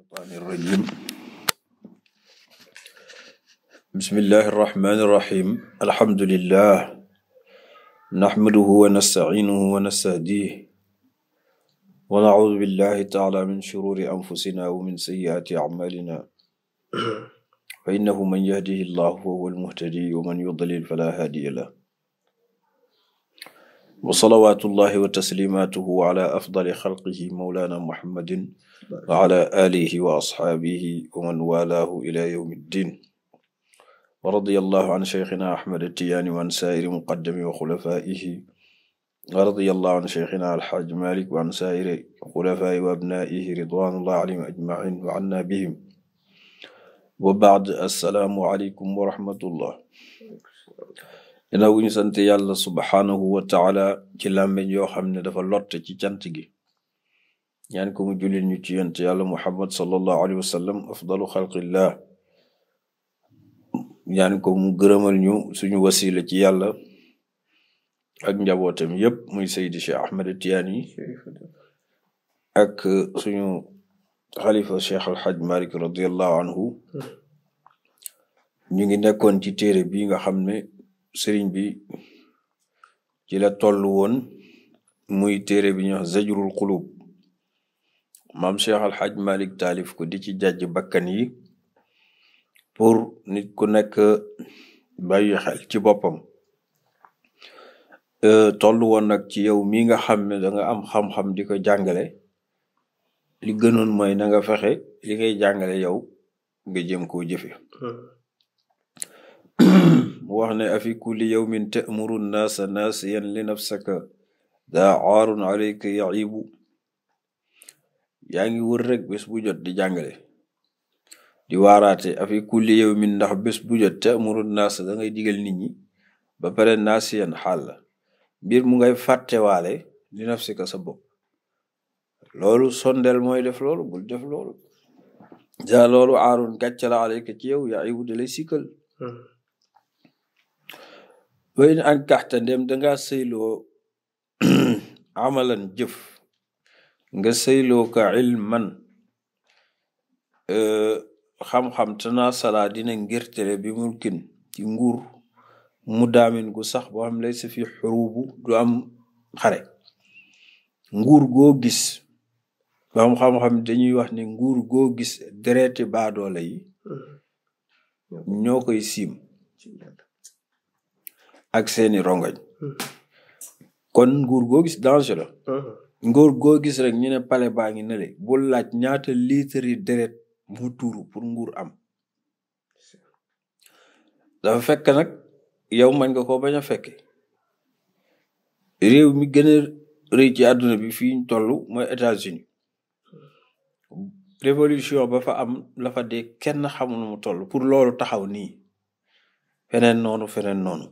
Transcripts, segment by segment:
الشيطان الرجيم بسم الله الرحمن الرحيم الحمد لله نحمده ونستعينه ونستهديه ونعوذ بالله تعالى من شرور أنفسنا ومن سيئات أعمالنا فإنه من يهده الله فهو المهتدي ومن يضلل فلا هادي له wa salawaatullahi wa taslimaatuhu ala afdali xalqihi mawlaana muhammadin wa ala alihi wa asxaabihi wa man walaahu ila yawmi ddin wa radiyallahu an cheikhina ahmad attijaani wa an saa'iri muqaddami wa xulafaa'ihi wa radiyallahu an cheikhina alxaaj malik wa an saa'iri xulafaa'i wa abnaa'ihi ridwaanullahi alayhim ajmaciin wa anna bihim wa ba'd assalaamu aleykum wa rahmatullah ginnaaw gu ñu sant yàlla subhaanahu wa taala ci làmmeñ yoo xam ne dafa lotte ci cant gi ñaan ko mu julil ñu ci yonent yàlla muhammad sallallahu alayhi wa sallam afdalu xalqillah ñaan ko mu gërëmal ñu suñu wasila ci yàlla ak njabootam yépp muy saydi cheikh ahmed tiyaani ak suñu xalifa cheikh alxaj malik radiallahu anhu ñu ngi nekkoon ci téere bi nga xam ne sëriñ bi ci la toll woon muy téere bi ñuy wax mam xulub maam cheikh malik taalif ko di ci jàjj bakkan yi pour nit ku nekk bàyyi xel ci boppam euh, toll woon nag ci yow mi nga xam ne danga am xam-xam di ko jàngale li gënoon mooy na nga fexe li ngay jàngale yow nga jëm koo jëfe hmm. mu wax ne afi kulli yawmin ta'muru nnaasa naasiyan li nafsaka daa aarun alayka ya'ibu yaa ngi wër rek bés bu jot di jàngale di waaraate afi kulli yawmin ndax bés bu jot ta'muru naasa da ngay digal nit ñi ba pare naasiyan xaal la mbir mu ngay fàttewaale li nafsika sa bopp loolu sondel mooy def loolu bul def loolu ja loolu aarun gàcce la alayka ci yow ya'ibu da lay sikkal hmm. wa in ankaxta ndem danga sëyloo amalan jëf nga sëyloo ka ilman eh, xam-xam tana sala ngirtere bi mulkin ci nguur mu daamin gu sax boo xam lay sa fi du am xare nguur goo gis borom xam-xam dañuy wax ne nguur goo gis dereeti baadoole yi mm. ñoo koy siim ak seeni rongoñ hmm. kon nguur goo gis danger la hmm. nguur goo gis rek ñu ne pale baa ngi nele bu laaj ñaata litre yi deret mu tuuru pour nguur am dafa fekk nag yow man nga ko bañ a fekke réew mi gën a rëy ci àdduna bi fii ñu toll mooy États-Unis révolution ba fa am la fa dee kenn xamul mu toll pour loolu taxaw nii feneen noonu feneen noonu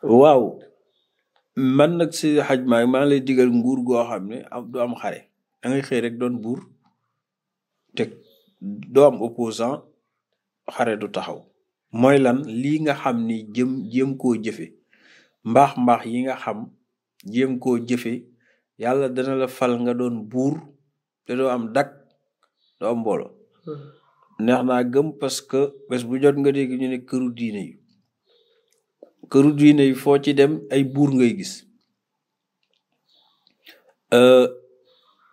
waaw man nag si xaj maa maa lay digal nguur goo xam ne du am xare da ngay rek doon buur te doo am opposant xare du taxaw mooy lan lii nga xam ni jëm jéem koo jëfe mbaax mbax yi nga xam jéem koo jëfe yàlla dana la fal nga doon buur te doo am dak doo am mbooloo hmm. neex naa gëm parce que bés bu jot nga dégg ñu ne këru diine yi këru diine yi foo ci dem ay buur ngay gis euh,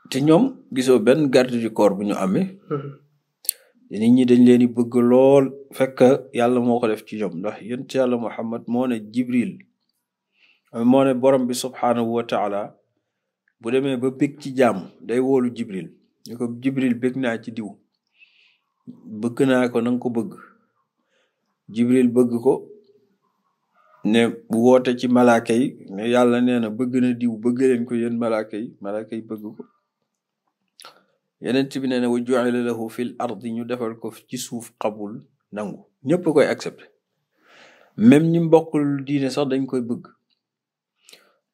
te ñoom gisoo benn garde du corps bu ñu amee hmm. nit ñi dañ leen di bëgg lool fekk yàlla moo ko def ci ñoom ndax yonent yàlla Muhammad moo ne Jibril moo ne borom bi subhaanahu wa bu demee ba bég ci jàmm day woolu Jibril ñu ko Jibril bég naa ci diw bëgg naa ko na ko bëgg Jibril bëgg ko ne woote ci malaaka yi ne yàlla nee na bëgg na diw bëgg leen ko yéen malaaka yi malaaka yi bëgg ko yeneen bi nee na wa fil ardi ñu defal ko ci suuf xabul nangu ñëpp koy accepté même ñi mbokkul diine sax dañ koy bëgg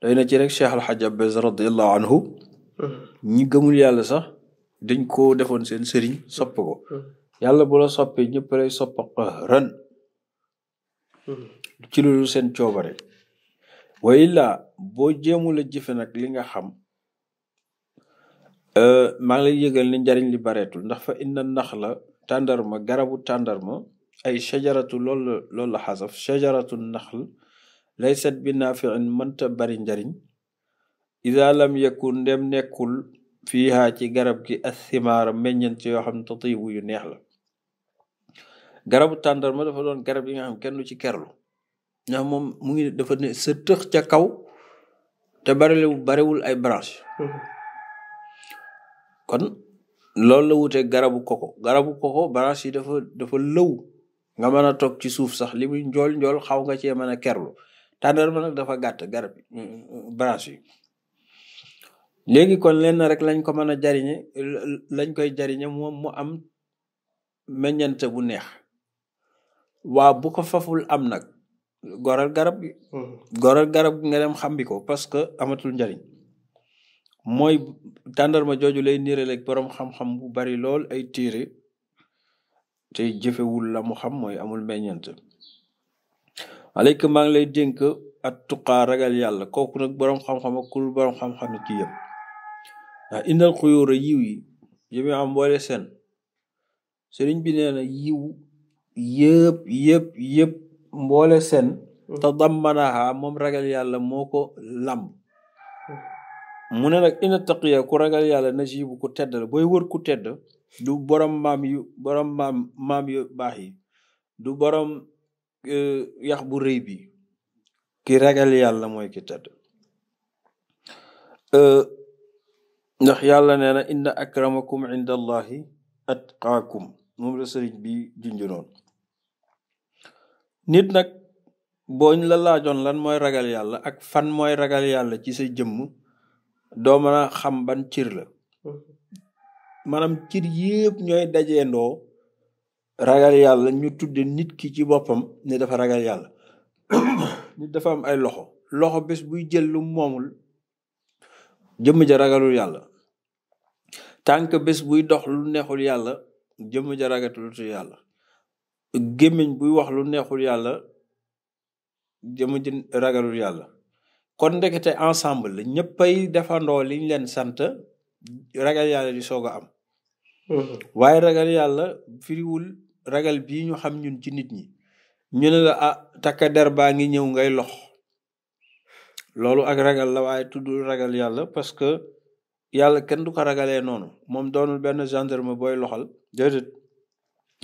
doy na ci rek Cheikh Al Hajj Abbas radiallahu anhu mm-hmm. ñi gëmul yàlla sax dañ ko defoon seen sëriñ sopp ko mm-hmm. yàlla bu soppee ñëpp lay sopp ren ci loolu seen coobare wa illaa boo jéemul a jëfe nag li nga xam euh, maa ngi lay yëgal ni njariñ li bareetul ndax fa inna nax la tàndarma garabu tàndarma ay shajaratu loolu loolu la xasaf shajaratu naxl laysat bi naafiin mënta bari njariñ ida lam yakun ndem nekkul fiihaa ci garab gi athimaara meññent yoo xam tatibu yu neex la garabu tàndarma dafa doon garab yi nga xam kenn du ci kerlu ndax moom mu ngi dafa ne tëx ca kaw te barewul barewul ay branche mm-hmm. kon loolu la wutee garabu koko garabu koko branche yi dafa dafa lëw nga mën a toog ci suuf sax li muy njool njool xaw nga cee mën a kerlu tàndarma nag dafa gàtt garab yi branche yi léegi kon lenn rek lañ ko mën a jariñe lañ koy jariñe moom mu am meññante bu neex waa bu ko faful am nag goral garab gi. Hmm. goral garab nga dem xambi ko parce que amatul njariñ mooy tàndarma jooju lay niiraleeg borom xam-xam bu bari lool ay téere te jëfewul la mu xam mooy amul meññeent. aleykum maa ngi lay dénk a tuqaa ragal yàlla kooku nag borom xam-xam ak kul borom xam-xam ne yëpp ndax indal xuyóora yiw yi yëpp am boole seen bi nee mboole seen mm-hmm. tadammanaha moom ragal yàlla moo ko làmb mm-hmm. mu ne nag ina taqiya ku ragal yàlla najibu ku tedd la booy wër ku tedd du borom maam yu borom baax yi du borom e, yax bu rëy bi ki ragal yàlla mooy ki tedd e, ndax yàlla nee na inna akramakum inda allahi atqaakum moom la bi junjunoon nit nag booñ la laajoon lan mooy ragal yàlla ak fan mooy ragal yàlla ci sa jëmm doo mën a xam ban cir la maanaam cir yëpp ñooy dajeendoo ragal yàlla ñu tudde nit ki ci boppam ne dafa ragal yàlla nit dafa am ay loxo loxo bés buy jël lu moomul jëmm ja ragalul yàlla tànk bés buy dox lu neexul yàlla jëmm ja ragatul yàlla gémmiñ buy wax lu neexul yàlla jëma jën ragalul yàlla kon ndekete ensemble la ñëppay defandoo liñ leen sant ragal yàlla di soog a am mm-hmm. waaye ragal yàlla firiwul ragal bii ñu xam ñun ci nit ñi ñu ne la a ah, takka der baa ngi ñëw ngay lox loolu ak ragal la waaye tuddul ragal yàlla parce que yàlla kenn du ko ragalee noonu moom doonul benn gendarme booy loxal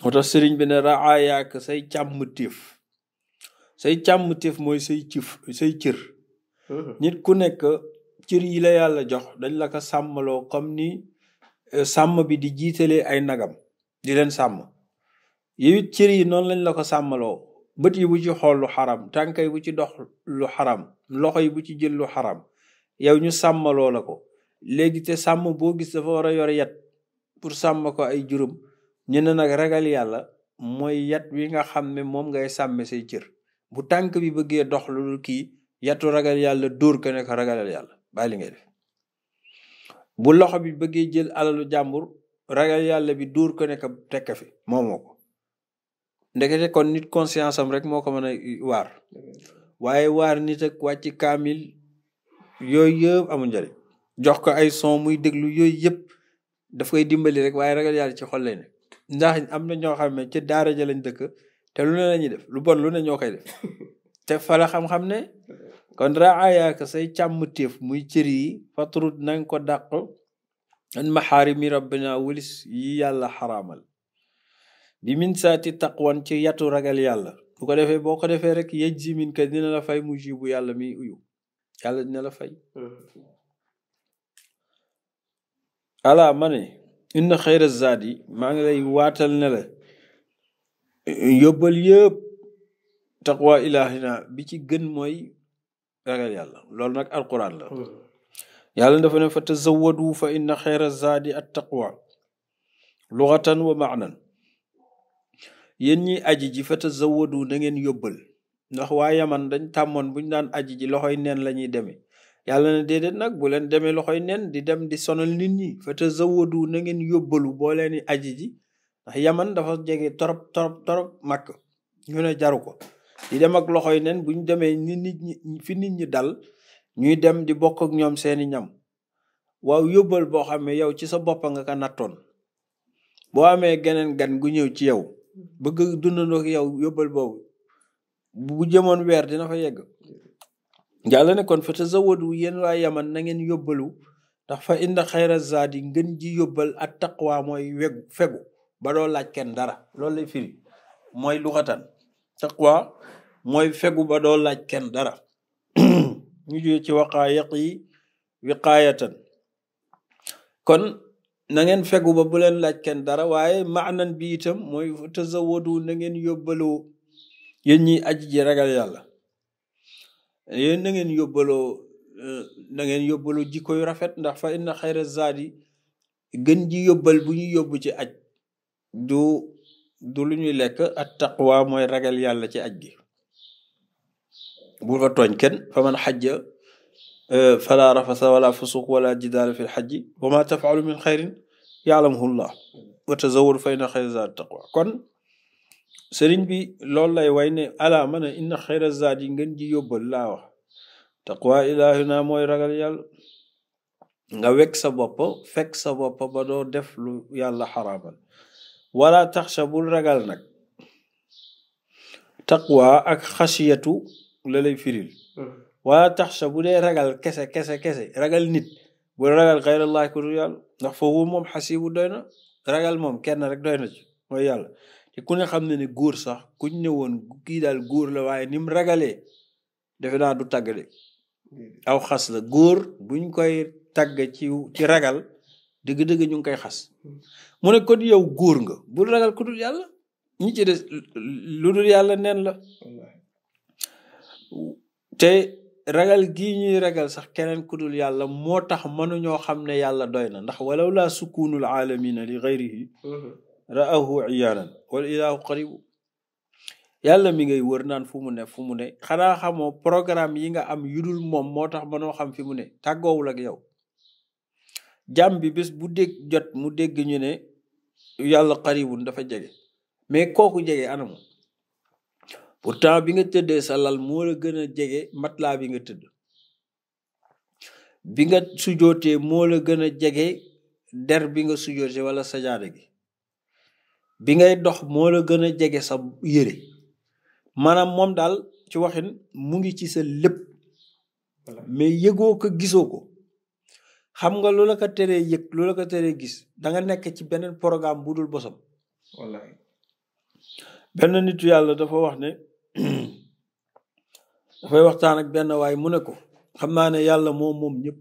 moo tax sëriñ bi ne raayaak say càmm téef say càmm téef mooy say cif say cër uh-huh. nit ku nekk cër yi la yàlla jox dañ la ko sàmmaloo comme ni eh, sàmm bi di jiitalee ay nagam di leen sàmm yow it yi noonu lañ la ko sàmmaloo bët yi bu ci xool lu xaram tànk yi bu ci dox lu xaram loxo yi bu ci jël lu xaram yow ñu sàmmaloo la ko léegi te sàmm boo gis dafa war a yor yat pour sàmm ko ay juróom ñu ne nag ragal yàlla mooy yat wi nga xam ne moom ngay sàmme say cër bu tànk bi bëggee doxlu lu dul kii yatu ragal yàlla dóor ko ne ragalal yàlla bàyyi li bu loxo bi bëggee jël alalu jàmbur ragal yàlla bi dóor ko ne ko teg ko fi moomoo ko ndekete kon nit conscience am rek moo ko mën a waar waaye waar nit ak wàcc kaamil yooyu yëpp amul njëriñ jox ko ay son muy déglu yooyu yëpp daf dimbali rek waaye ragal yàlla ci xol lay nekk ndax am na ñoo xam ne ci daara ja lañ dëkk te lu ne la lu bon lu ne ñoo koy def te fa la xam-xam ne kon raayaaka say càmm téef muy cër yi fatrut nanga ko dàq an maxaarimi rabbina wulis yi yàlla xaramal bi min saati taqwan ci yatu ragal yàlla bu ko defee boo ko defee rek yej ji min ka dina la fay mu jibu yàlla mi uyu yàlla dina la fay hmm. ala inna xayra zaad yi maa ngi lay waatal ne la yóbbal yëpp taqwa ilahina bi ci gën mooy ragal yàlla loolu nag alquran la hmm. yàlla dafa ne fa tazawadu fa inna xayra zaadi at taqwa luxatan wa maanan yéen ñi aji ji fa tazawadu na ngeen yóbbal ndax waa yaman dañ tàmmoon buñ daan aji ji loxoy neen la ñuy demee yàlla na déedéet nag bu leen demee loxoy nen di dem di sonal nit ñi fa te zawadu na yóbbalu boo leen di aji ji ndax yaman dafa jege torop torop torop màkk ñu ne jaru ko di dem ak loxoy nen bu ñu demee nit ñi fi nit ñi dal ñuy dem di bokk ak ñoom seeni ñam waaw yóbbal boo xam ne yow ci sa bopp nga ko nattoon boo amee geneen gan gu ñëw ci yow bëgg dundandoo ak yow yóbbal boobu bu jëmoon weer dina fa yegg yàlla ne kon fa tazawadu yéen waa yaman na ngeen yóbbalu ndax fa inda xayra zaadi ngeen ji yóbbal at taqwa mooy wegu fegu ba doo laaj kenn dara loolu lay firi mooy luxatan taqwa mooy fegu ba doo laaj kenn dara ñu jóge ci waqaayiq yi wiqaayatan kon na ngeen fegu ba bu laaj kenn dara waaye maanan bi itam mooy tazawadu na ngeen yóbbaloo yéen ñi aji ji ragal yàlla yéen eh, na ngeen yóbbaloo eh, na ngeen jikko yu rafet ndax fa inna xayra zaadi gën ji yóbbal bu ñu yóbbu ci aj du lu ñuy lekk at taqwa mooy ragal yàlla ci aj gi bu fa tooñ kenn fa man xajja eh, fala rafasa wala fusuq wala jidaala fi lxajji wa ma tafaalu min xayrin yaalamuhu llah wa tazawwadu fa inna xayra zaadi taqwa kon sëriñ bi loolu lay way ne ala ma ne inna xayra zaad yi ngeen ji yóbbal laa wax taqwa ilaahi naa mooy ragal yàlla nga wekk sa bopp fekk sa bopp ba doo def lu yàlla xaraamal wala taxsha bul ragal nag taqwa ak xasiyatu la lay firil wala taxsha bu dee ragal kese kese kese ragal nit bul ragal xayrallaahi ku dul ndax foofu moom xasibu doy na ragal moom kenn rek doy na ci mooy yàlla ku ne xam ne ne góor sax kuñ ne woon kii daal góor la waaye ni mu ragalee defe naa du tàgg de aw xas la góor buñ koy tàgg ci ci ragal dëgg-dëgg ñu ngi koy xas hmm. mu ne kon yow góor nga bul ragal ku dul yàlla ñi ci des lu dul yàlla nen la te ragal gii ñuy ragal sax keneen ku dul yàlla moo tax mënuñoo xam ne yàlla doy na ndax wala laa sukunul aalamina li xayrihi hmm. ra'ahu iyaanan wal ilaahu qaribu yàlla mi ngay wër naan fu mu ne fu mu ne xanaa xamoo programme yi nga am yudul moom moo tax noo xam fi mu ne tàggoowul ak yow jàmm bi bés bu dégg jot mu dégg ñu ne yàlla qaribun dafa jege mais kooku jege anamu pourtant bi nga tëddee sa lal moo la gën a jege matelas bi nga tëdd bi nga sujootee moo la gën a jege der bi nga sujootee wala sajaada gi bi ngay dox moo la gën a jege sa yére maanaam moom daal ci waxin mu ngi ci sa lépp mais yëgoo ko gisoo ko xam nga lu la ko teree yëg lu la ko teree gis danga nekk ci beneen programme bu dul bosam wallahi benn nitu yàlla dafa wax ne dafay waxtaan ak benn waay mu ne ko xam naa ne yàlla moom moom ñëpp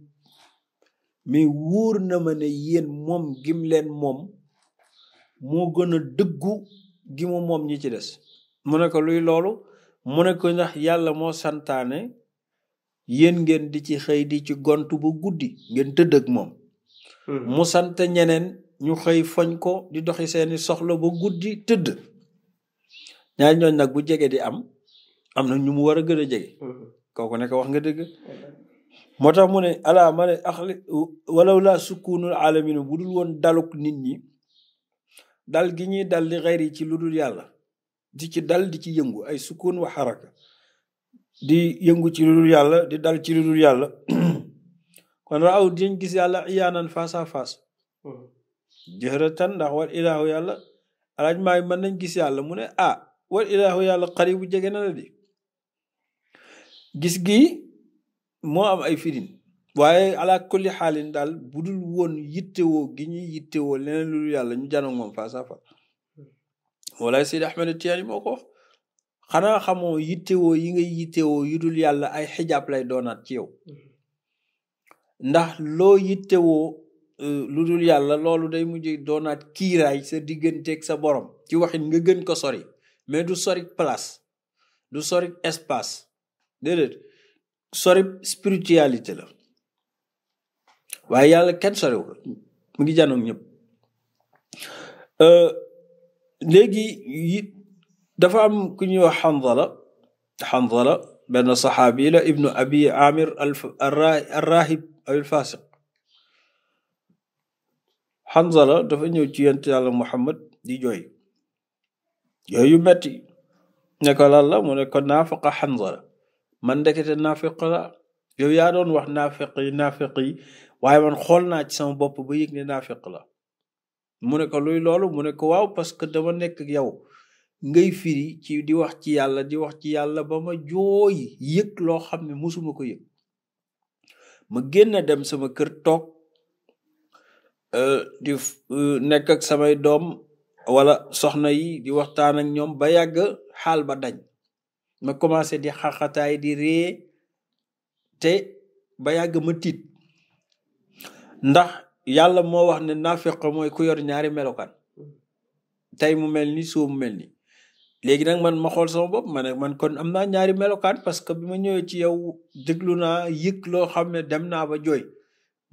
mais wóor na ma ne yéen moom gim moom moo gën a dëggu gi mu moom ñi ci des mu ne ko luy loolu mu ne ko ndax yàlla moo santaane yéen ngeen di ci xëy di ci gontu ba guddi ngeen tëdd ak moom hmm. mu sant ñeneen ñu xëy foñ ko di doxi seeni soxla ba guddi tëdd ñaar ñooñ nag bu jege di am am na ñu mu war a gën a jege hmm. kooku ne ko wax nga dëgg moo tax mu ne ala wala ne axli walaw laa bu dul woon daluk nit ñi dal gi ñuy dal li xeyri ci lu dul yàlla di ci dal di ci yëngu ay sukun wa xaraka di yëngu ci lu yàlla di dal ci lu dul yàlla kon raaw diñ gis yàlla iyaanan face à face jëhratan ndax war ilaahu yàlla alaaj maay mën nañ gis yàlla mu ne a ah, war ilaahu yàlla xaribu jege na la gis gi moo am ay firin waaye ala kulli xaalin daal bu dul woon yittewoo gi ñuy yittewoo leneen lu yàlla ñu jànoo moom face à face wala Seydi Ahmed Tijaani moo ko xanaa xamoo yittewoo yi ngay yittewoo yi dul yàlla ay xijaab doonaat ci yow ndax loo yittewoo euh, lu dul yàlla loolu day mujj doonaat kiiraay sa digganteek sa borom ci waxin nga gën ko sori mais du sori place du sori espace déedéet sori spiritualité la waaye yàlla kenn soriw mu ngi janoog ñëpp euh, léegi dafa am ku ñuy wax xandala xandala benn saxaabi la ibnu abi amir arrahib alfasiq xandala dafa ñëw ci yent yàlla muhammad di joy yooyu yu metti ne ko lan la mu ne ko naafaqa xandala man ndekete naafiq la yow yaadoon doon wax naafiq yi naafiq yi waaye man xool naa ci sama bopp ba yëg ne naafiq la mu ne ko luy loolu mu ne ko waaw parce que dama nekk yow ngay firi ci di wax ci yàlla di wax ci yàlla ba ma jooy yëg loo xam ne mosuma ko yëg ma génn dem sama kër toog euh, di euh, nekk ak samay doom wala soxna yi di waxtaan ak ñoom ba yàgg xaal ba dañ ma commencé di xaxataay di ree te ba yàgg ma tiit ndax yàlla moo wax ne naafeq mooy ku yor ñaari melokaan tey mu mel ni suuf mu mel ni léegi nag man ma xool sama bopp ma ne man kon am naa ñaari melokaan parce que bi ma ñëwee ci yow déglu naa yëg loo xam ne dem naa ba jooy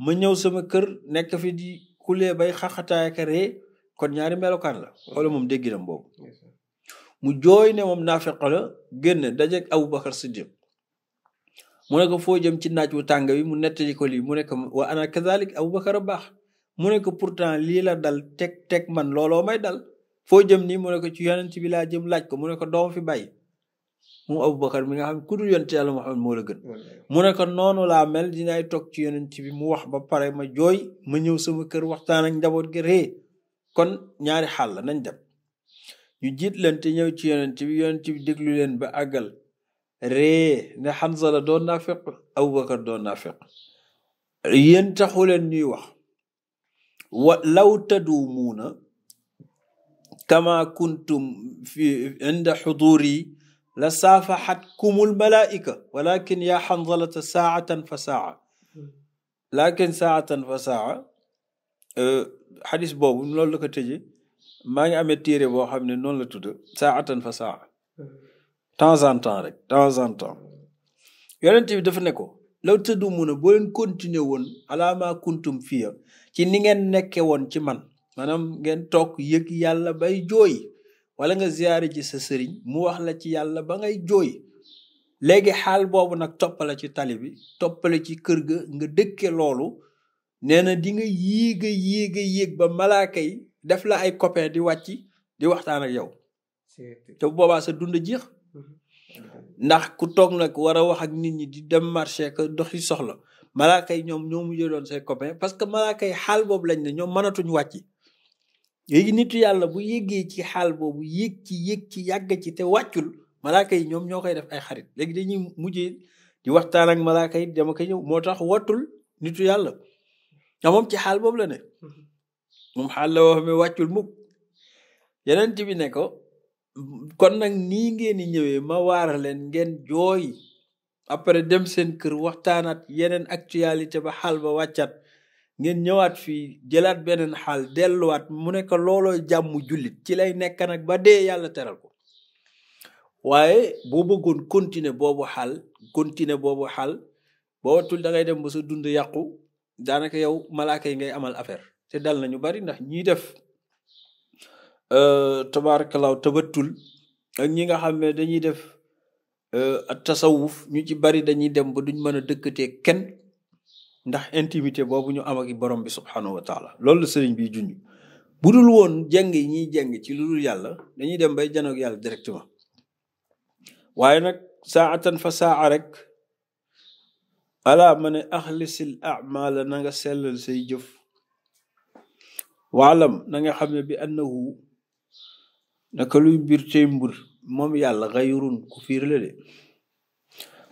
ma ñëw sama kër nekk fi di kulee bay xaxataay ak ree kon ñaari melokaan la wala moom dégginam boobu mu jooy ne moom naafeq la génn dajeeg Abubakar Siddiq mu ne ko foo jëm ci naaj wu tàng wi mu nettali ko lii mu ne ko wa ana kazalik abubakar baax mu ne ko pourtant lii la dal teg teg man looloo may dal foo jëm nii mu ne ko ci bi laa jëm laaj ko mu ne ko doom fi bàyyi moom abubakar mi nga xam ku dul yonent moo la gën mu ne ko noonu laa mel dinaay toog ci yonent bi mu wax ba pare ma jooy ma ñëw sama kër waxtaan a njaboot gi ree kon ñaari la nañ dem ñu jiit leen te ñëw ci yonent ci yonent bi déglu leen ba àggal ree ne Hanzala doon naafiq Abubakar doon naafiq yéen taxuleen ñuy wax wa law tadumuuna kama kuntum fi inda xuduri la saafaxatkumul malaa'ika walakin yaa Hanzalata saatan fa saa lakin saatan fa saa xadis boobu loolu la ko tëje maa ngi amee téere boo xam ne noonu la tudd saatan fa saa temps en temps rek temps en temps yonent bi dafa ne ko law tëddu mu ne boo leen woon alaama kuntum fiya ci ni ngeen nekke woon ci man maanaam ngeen toog yëg yàlla bay jooy wala nga ziyaare ji sa sëriñ mu wax la ci yàlla ba ngay jooy léegi xaal boobu nag toppala ci tali bi toppale ci kër ga nga dëkke loolu nee na di nga yéega yéeg ba malaaka yi def la ay copain di wàcc di waxtaan ak yow te boobaa sa dund jeex ndax ku toog nag war a wax ak nit ñi di dem marché que doxi soxla malaaka kay ñoom ñoo mujjee doon se copain parce que malaaka yi xaal boobu lañ ne ñoom mënatuñ wàcc léegi nitu yàlla bu yéggee ci xaal boobu yéeg ci yéeg ci yàgg ci te wàccul malaaka yi ñoom ñoo koy def ay xarit léegi dañuy mujjee di waxtaan ak malaaka yi dama koy ñëw moo tax watul nitu yàlla ndax moom ci xaal boobu la ne mm-hmm. moom xaal la woo xam ne wàccul mukk yeneen bi ne ko kon nag nii ngeen di ñëwee ma waara leen ngeen jooy après dem seen kër waxtaanaat yeneen actualité ba xaal ba wàccaat ngeen ñëwaat fii jëlaat beneen xaal delluwaat mu nekk looloo jàmm jullit ci lay nekk nag ba dee yàlla teral ko waaye boo bëggoon continuer boobu xaal continuer boobu xaal boo watul ngay dem ba sa dund yàqu daanaka yow malaaka yi ngay amal affaire te dal ñu bari ndax ñiy def Euh, tabaarakallaahu tabattul ak ñi nga xam ne dañuy def euh, tasawuf ñu ci bari dañuy dem ba duñ mën a dëkkatee kenn ndax intimité boobu ñu am ak borom bi subhanahu wa taala loolu la sëriñ bi junj bu dul woon jàng yi ñuy ci lu dul yàlla dañuy dem bay janoog yàlla directement waaye nag saatan fa saa rek ala ma ne axlisil amala na nga sellal say jëf waalam nanga nga xam ne bi annahu naka luy mbir mbur moom yàlla xayrun ku fiir la de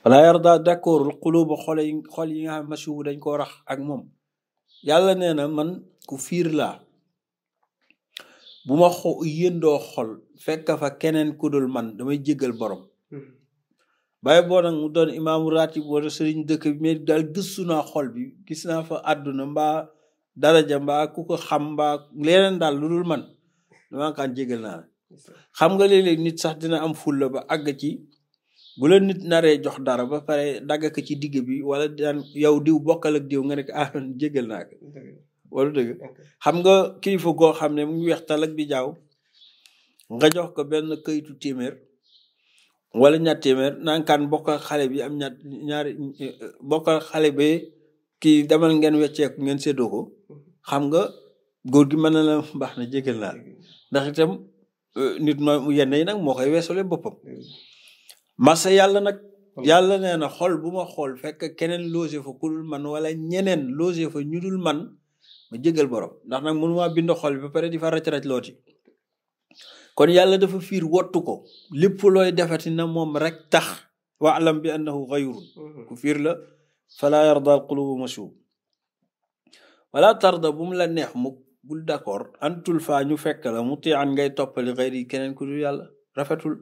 wala yarda d'accordul xuluba xol xol yi nga xam masiwu dañ ko rax ak moom yàlla nee na man ku fiir laa bu ma xo xol fekk fa keneen ku dul man damay jéggal borom bàyyi boo nag mu doon imaamu ratib wala sëriñ dëkk bi mais daal gëstu naa xol bi gis naa fa àdduna mbaa daraja mbaa ku ko xam mba leneen daal lu dul man dama kan jéggal naa xam nga léeg nit sax dina am fulla ba àgg ci bu la nit naree jox dara ba pare dagg ko ci digg bi wala daan yow diw bokkal ak diw nga nekk ko ah jégal wala dëgg xam nga kilifa goo xam ne mu weex tal ak bi jaaw nga jox ko benn kayitu téeméer wala ñaar téeméer nankaan bokkal xale bi am ñaar ñaari xale bi kii demal ngeen wecceeku ngeen séddoo ko mhm. xam nga góor gi mën na la baax na jégal naa ndax Euh, nit ma yenn yi nag moo koy weesole boppam mm. masa yàlla nag mm. yàlla nee na xol bu ma xool fekk keneen logé fa ku man wala ñeneen logé fa ñu dul man ma jégal borom ndax nag mënumaa bind xol ba pare di fa rac-rac looti kon yàlla dafa fiir wottu ko lépp looy defati na moom rek tax wa alam bi annahu xayrun mm-hmm. ku fiir la fala yarda al qulubu mashub wala tarda bu mu la neex bul d'accord antul faa ñu fekk la mu tiyaan ngay toppali xëyri keneen ku dul yàlla rafetul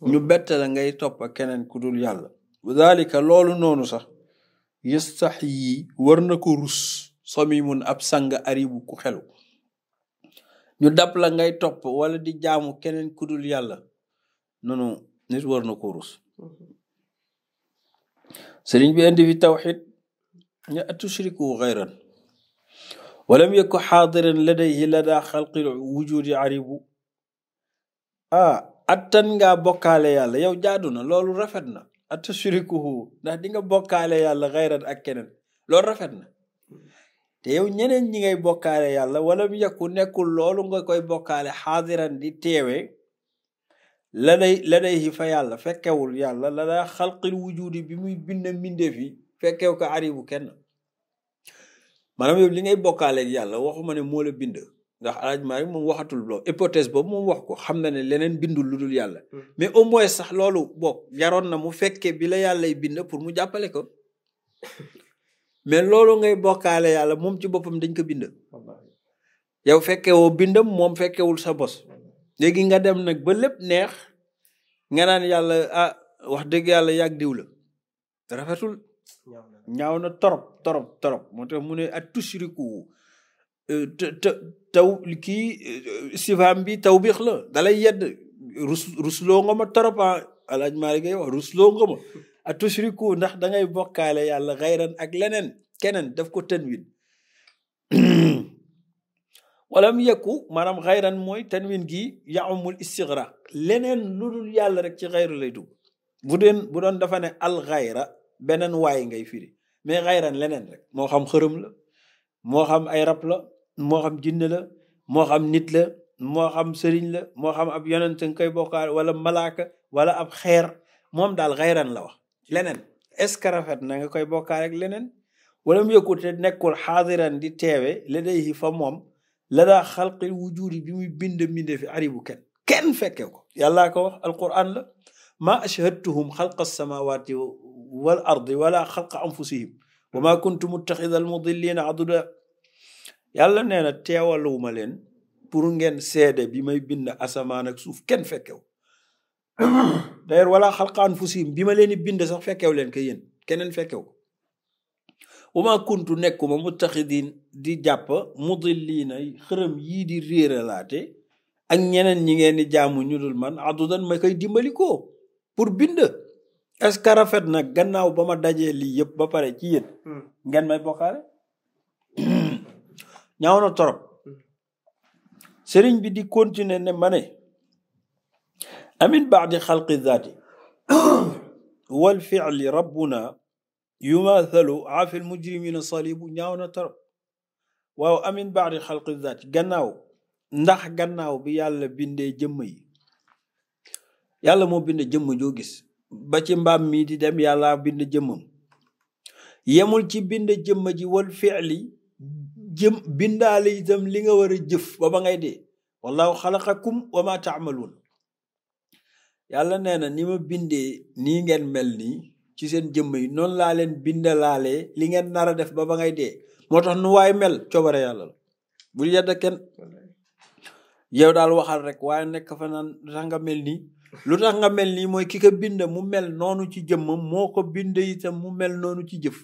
hmm. ñu bett la ngay topp keneen ku dul yàlla bu daalika loolu noonu sax yëstax sax war na ko rus somi mun ab sang aribu ku xelu ñu dab la ngay topp wala di jaamu keneen kudul yàlla nonu nit war na ko rus hmm. sëriñ bi indi fi tawxid ña tushriku walam yakku xaadiran ladayhi lada xalqil wujudi aribu ah attan nga bokkaale yàlla yow jaadu na loolu rafet na atashrikuhu ndax di nga bokkaale yàlla xayran ak keneen loolu rafet na te yow ñeneen ñi ngay bokkaale yàlla walam yakku nekkul loolu nga koy bokkaale xaadiran di teewe laday ladayhi fa yàlla fekkewul yàlla lada xalqil wujudi bi muy bind mbindeef yi fekkew ko aribu kenn maanaam yow li ngay bokkaaleeg yàlla waxuma ne moo la bind ndax alaaj Maalik moom waxatul loolu hypothèse boobu moom wax ko xam na ne leneen bindul lu dul yàlla hmm. mais au moins sax loolu boog yaroon na mu fekkee bila la yàllay bind pour mu jàppale ko mais loolu ngay bokkaale yàlla moom ci boppam dañ ko bind yow fekkee woo bindam moom fekkewul sa bos léegi nga dem nag ba lépp neex nga naan yàlla ah wax dëgg yàlla yàgg diw la ñaaw na torop torop torop moo tax mu ne at tushriku euh, taw kii euh, sifaam bi taw biix la dalay yedd rus rusloo nga ma toropa ah alaaj maa ngay wax rusloo nga ma at tushriku ndax da ngay bokkaale yàlla xayran ak leneen keneen daf ko tanwin walam yekku maanaam xayran mooy tanwin gi yaamul istigraq leneen lu dul yàlla rek ci xayru lay dugg bu deen bu doon dafa ne al xayra beneen waay ngay firi mais xayran leneen rek moo xam xërëm la moo xam ay rab la mooxam xam la moo xam nit la moo xam sëriñ la moo xam ab yonent nga koy bokkaal wala malaaka wala ab xeer moom daal xayran la wax leneen est-ce que rafet na nga koy bokkaal ak leneen wala mu yëkkute nekkul xaadiran di teewe la day fa moom la daa xalqil wujudi bi muy bind mbinde fi aribu kenn kenn fekke ko yàllaa ko wax alquran la ma ashhadtuhum xalqa samawati wal ardi wala xalqa anfusihim wa ma kuntu muttaxida al mudillina aduda yàlla nee na teewaluwuma leen pour ngeen seede bi may bind asamaan ak suuf kenn fekkew d'ailleurs wala xalqa anfusihim bi ma leen di bind sax fekkew leen ko yéen keneen fekkew ko wa ma kuntu nekkuma muttaxidin di jàpp mudillina xërëm yii di réeralaate ak ñeneen ñi ngeen di jaamu ñu dul man adudan ma koy dimbali ko pour bind est-ce que rafet na gannaaw ba ma dajee lii yëpp ba pare ci yéen. Hmm. ngeen may bokkaale. ñaaw na torop. Hmm. sëriñ bi di continuer ne mane ne. amin baadi xalqi zaati. wal fiili rabbuna yumaathalu aafil mujrimina salibu ñaaw na torop. waw amin baadi xalqi zaati gannaaw. ndax gannaaw bi yàlla bindee jëmm yàlla moo bindee jëmm joo gis. ba ci mbaam mii di dem yàlla bind jëmmam yemul ci bind jëmm ji wal fi'li jëm bindaale itam li nga war a jëf ba ba ngay dee wallahu xalaqakum wa ma taamaluun yàlla nee na ni bindee nii ngeen mel nii ci seen jëmm yi noonu laa leen bindalaalee li ngeen nar a def ba ba ngay dee moo tax nu waay mel coobare yàlla bul yedd kenn yow daal waxal rek waaye nekk fa naan sax mel nii lu tax nga mel nii mooy ki ko bind mu mel noonu ci jëmmam moo ko bind itam mu mel noonu ci jëf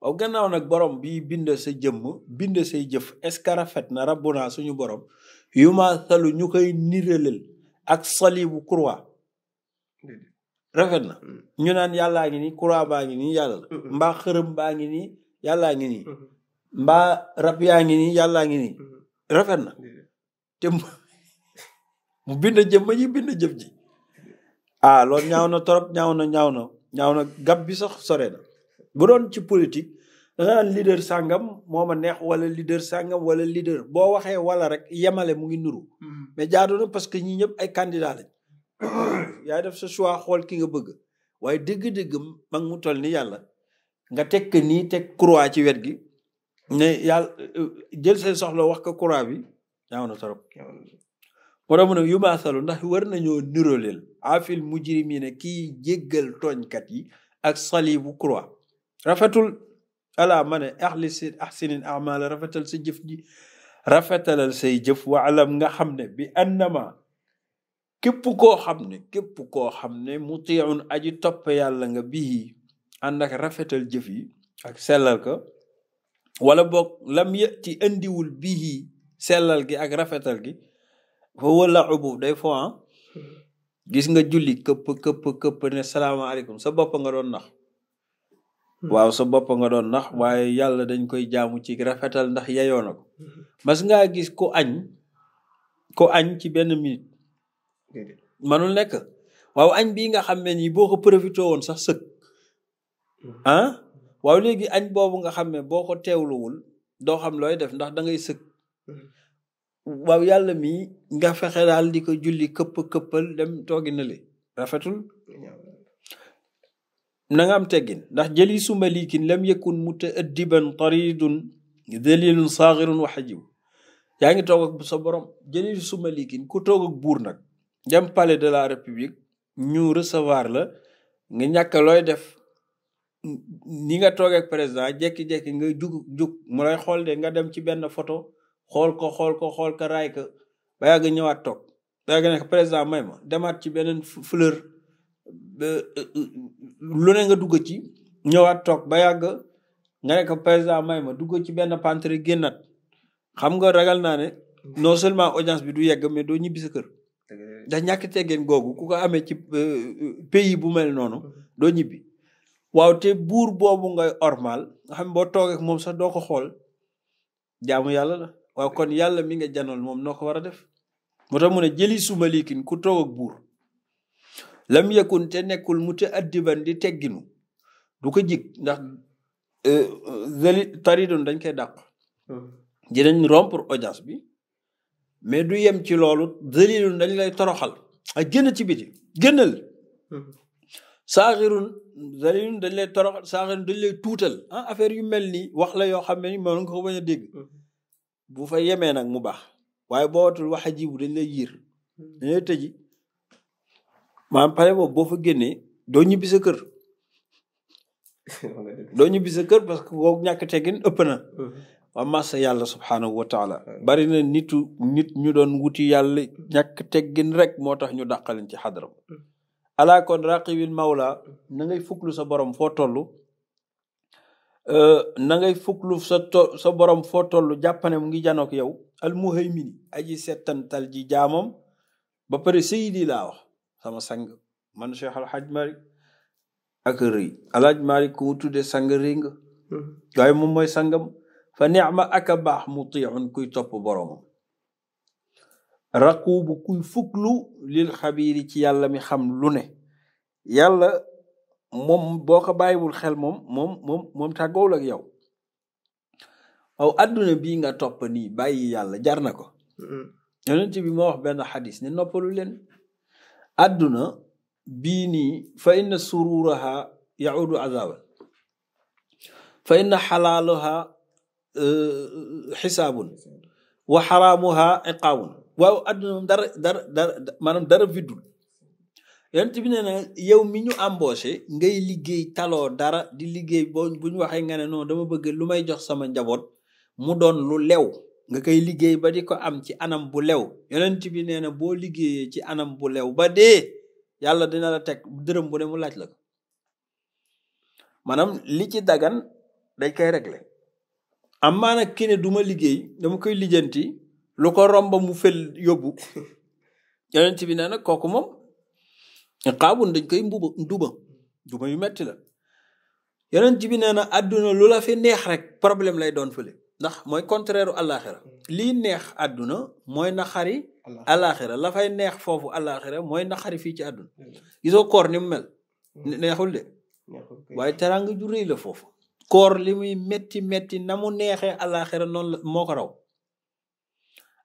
waaw gannaaw nag borom bi bind sa jëmm bind say jëf est-ce que rafet na rabbuna suñu borom yu salu ñu koy niralal ak salibu kurwa rafet na ñu naan yàllaa ngi nii croix baa ngi nii yàlla la yaa ngi nii yàllaa ngi na te mu bind jëmm ji bind jëf ji ah loolu ñaaw na trop ñaaw na ñaaw na ñaaw na gab bi sox sore bu doon ci politique da leader sàngam moo ma neex wala leader sangam wala leader boo waxee wala rek yemale mu ngi nuru hmm. mais jaadu na parce que ñi ñëpp ay candidat lañ yaay def sa choix xool ki nga bëgg waaye dëgg-dëgg mag mu tol ni yàlla nga teg ko nii teg croix ci wet gi ne yàlla jël seen soxla wax ko croix bi ñaaw na trop moo tax na ne yumaasalu ndax war nañoo niroleel afil mujrimina kii jéggal tooñkat yi ak salibu croix rafetul ala ma ne axlis axsinin ah amala rafetal sa jëf ji rafetalal say jëf waalam nga xam ne bii bi annama képp koo xam ne képp koo xam ne mutiun aji topp yàlla nga bii ànd ak rafetal jëf yi ak sellal ko wala boog lam yëti andiwul bii sellal gi ak rafetal gi fo laxubu day fo ah gis nga juli këpp këpp këpp ne salaamaaleykum sa bopp nga doon nax hmm. waaw sa bopp nga doon nax waaye yàlla dañ koy jaamu ci rafetal ndax yeyoo na ko hmm. mas ngaa gis ku añ ku añ ci benn minute manul nekk waaw añ bii nga xam ne nii boo ko profité woon sax sëkk hmm. ah waaw léegi añ boobu nga xam ne boo ko teewluwul doo xam looy def ndax da ngay sëkk waaw yàlla mii nga fexe daal di ko julli këpp këppal dem toogi na le rafetul na nga am teggin ndax jëli sumalikin lam yakun mutaaddiban taridun dalilun saagirun wa jiw yaa ngi toog ak sa borom jëli sumalikin ku toog buur nag dem palais de la république ñu recevoir la nga ñàkk looy def ni nga toog ak président jekki-jekki nga jug jug mu lay xool de nga dem ci benn photo xool ko xool ko xool ko raay ko ba yàgg ñëwaat toog ba yàgg nekk président may ma demaat ci beneen fleur euh, lu ne nga dugg ci ñëwaat toog ba yàgg nga ne ko président may ma dugg ci benn pantre génnaat xam nga ragal naa ne non seulement audience bi du yegg mais doo ñibbi sa kër da ñàkk teggeen googu ku ka amee ci euh, pays bu mel noonu mm-hmm. doo ñibbi waaw te buur boobu nga ormal nga xam boo toogee moom sax doo ko xool jaamu yàlla la waaw kon yàlla mi nga janool moom noo ko war a def moo tax a ne jëli sumalikin ku toog ak buur lam yakun te nekkul mu te addiban di tegginu du ko jig ndax euh, zali taridun dañ koy dàq hmm. dinañ rompre audience bi mais du yem ci loolu zalilun dañ lay toroxal ak génn ci biti génnal hmm. saaxirun zalilun dañ lay toroxal saaxirun dañ lay tuutal ah affaire yu mel ni wax la yoo xam ne ni moo nga ko bañ a dégg hmm. bu fa yemee nag mu baax waaye boo watul wax a dañ lay yiir hmm. dañ lay tëji maanaam pare boobu boo fa génnee doo ñibbi sa kër doo ñibbi sa kër parce que koo ñàkk teggin ëpp na hmm. waa massa yàlla subhaanahu wa taala hmm. bari na nitu nit ñu doon wuti yàlla ñàkk teggin rek moo tax ñu dàqaleen ci xadaram ala kon raqibin mawla na fuklu sa borom foo toll Euh, nangay ngay fuklu sa to sa borom foo toll jàppane mu ngi janook yow almuhaymini aji settantal ji jaamam ba pare seydi laa wax sama sang man cheikh xaj malik ak rëy alhaj malik ku mu tudde sang rëy nga mm-hmm. waaye moom mooy sangam fa nicma aka baax mutiun kuy topp boromam raqubu kuy fuklu lil xabiiri ci yàlla mi xam lu ne yàlla mom boo ko bàyyiwul xel moom moom moom moom tàggoowul ak yow aw adduna bii nga topp nii bàyyi yàlla jar na ko yonent bi moo wax benn xadis ne noppalu leen adduna bii nii fa inna sururaha yaudu azaban fa inna xalaalaha euh, xisaabun wa xaraamuha iqaabun waaw adduna moom dara dara dara maanaam dara viddul yonent bi nee na yow mi ñu embauché ngay liggéey taloo dara di liggéey boo bu ñu waxee nga ne dama bëgg lu may jox sama njaboot mu doon lu lew nga koy liggéey ba di ko am ci anam bu lew yonent bi nee na boo liggéeyee ci anam bu lew ba dee yàlla dina la teg dërëm bu ne mu laaj la ko li ci dagan dañ koy régler am maanaam ki ne du liggéey dama koy lijjanti lu ko romba mu fel yóbbu yonent bi nee na kooku moom xaabun dañ koy mbuba nduba nduba yu metti la yonent bi nee na àdduna lu la fi neex rek problème lay doon fële ndax mooy contraire àllaaxira lii neex àdduna mooy naxari àllaaxira la fay neex foofu àllaaxira mooy naxari fii ci àdduna gisoo koor ni mel mm. neexul de waaye teraanga ju rëy la foofu koor li muy metti metti na mu neexee àllaaxira noonu la moo ko raw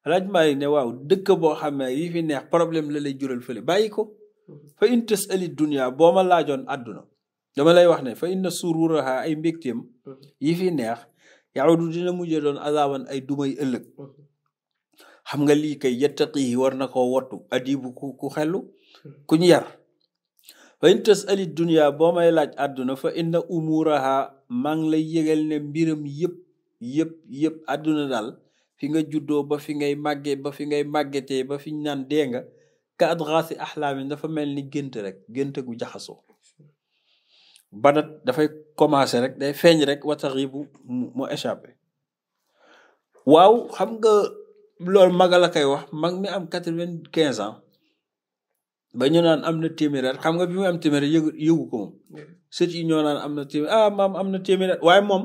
alaaj mbaay ne waaw dëkk boo xam ne yi fi neex problème la lay jural fële bàyyi ko fa in tasali dunya boo ma laajoon àdduna dama lay wax ne fa inna sururaha ay mbégteem yi fi neex yaawdu dina mujjee doon azaban ay dumay ëllëg xam nga lii kay yettaqiyi war na koo wattu adibu ku ku xellu kuñ yar fa in tasali dunya boo may laaj àdduna fa inna umuraha maa ngi lay yëgal ne mbiram yëpp yëpp yëpp àdduna daal fi nga juddoo ba fi ngay màggee ba fi ngay màggetee ba fi ñu naan dee nga ka adraasi axlaamin dafa mel ni gént rek gént gu jaxasoo banat dafay commencé rek day feeñ rek wataxibu mu échappé waaw xam nga loolu maga la koy wax mag mi am quatre vingt quinze ans ba ñu naan am na téeméeri at xam nga bi mu am téeméeri yëgu yëgu ko moom sët yi ñoo naan am na téeméeri ah maam am na téeméeri waaye moom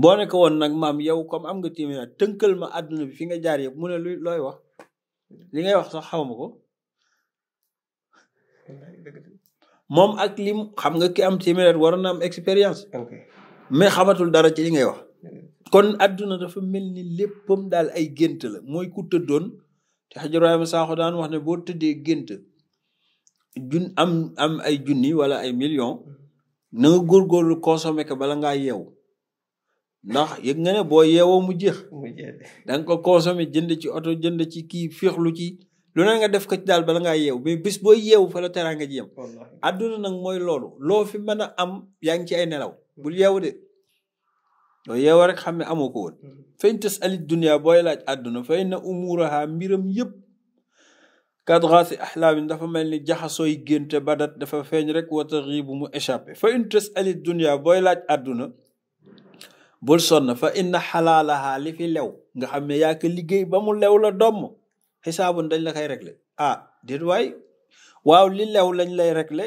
boo ko woon nag maam yow comme am nga téeméeri at tënkal ma àdduna bi fi nga jaar yëpp mu looy wax li ngay wax sax xaw ma ko moom ak lim xam nga ki am téeméer waroon na am expérience mais xamatul dara ci li ngay wax kon adduna dafa mel ni léppam daal ay gént la mooy ku tëddoon te xajaraama saaxo daan wax ne boo tëddee gént jun am am ay junni wala ay million mm. na nga góorgóorlu consommé ko bala ngaa yeewu ndax yëg nga ne boo yeewoo mu jeex da ko consommé jënd ci oto jënd ci kii féexlu ci lu ne nga def ko ci daal bala ngaa yeew mais bis booy yeewu fa la teraanga ji yem adduna nag mooy loolu loo fi mën a am yaa ngi ci ay nelaw bul yeewu de loo yeewu rek xam ne amoo ko woon mm-hmm. dunia booy laaj adduna fay na umuraha mbiram yëpp kadrasi ahlaamin dafa mel ni jaxasooy génte badat dafa feeñ rek wata riibu mu échappé fa une tas alit booy laaj adduna bul sonn fa inna xalaalaha li fi lew nga xam ne yaa ko liggéey ba mu lew la domm xisaabun dañ la koy réglé ah déet waay waaw li lew lañ lay rek réglé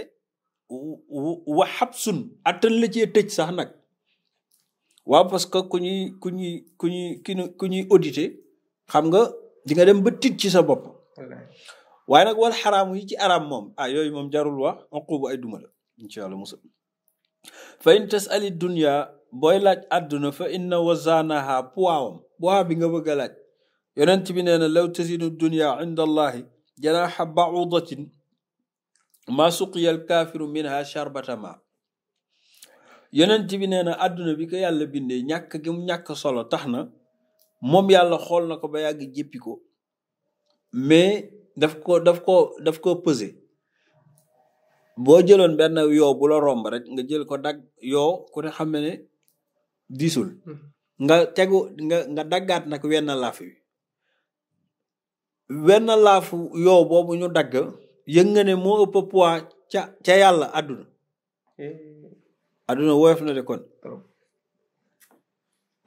wa xabsun attan la cee tëj sax nag waaw parce que ku ñuy ku ñuy ku ñuy ku ñuy audité xam nga di nga dem ba tiit ci sa bopp waaye nag wal xaraam yi ci araam moom ah yooyu moom jarul wax uqubu ay duma la incha musa fa in tasali dunya booy laaj àdduna fa inna wazaanaha poiwam poids bi nga bëgg laaj yonent bi nee na law tasinu dunya inda allahi janaha ba'udatin ma suqiya alkaafiru minha sharbata ma yonent bi nee na àdduna bi ko yàlla bindee ñàkk mu ñàkk solo tax na moom yàlla xool na ko ba yàgg jéppi ko mais daf ko daf ko daf ko boo jëloon benn yoo bu romb rek nga jël ko dag yoo ku ne xam ne diisul hmm. nga tegu nga nga daggaat nag wenn laaf wi wenn laaf yow boobu ñu dagg yëg nga ne moo ëpp poids ca ca yàlla àdduna eh. àdduna woyof na de kon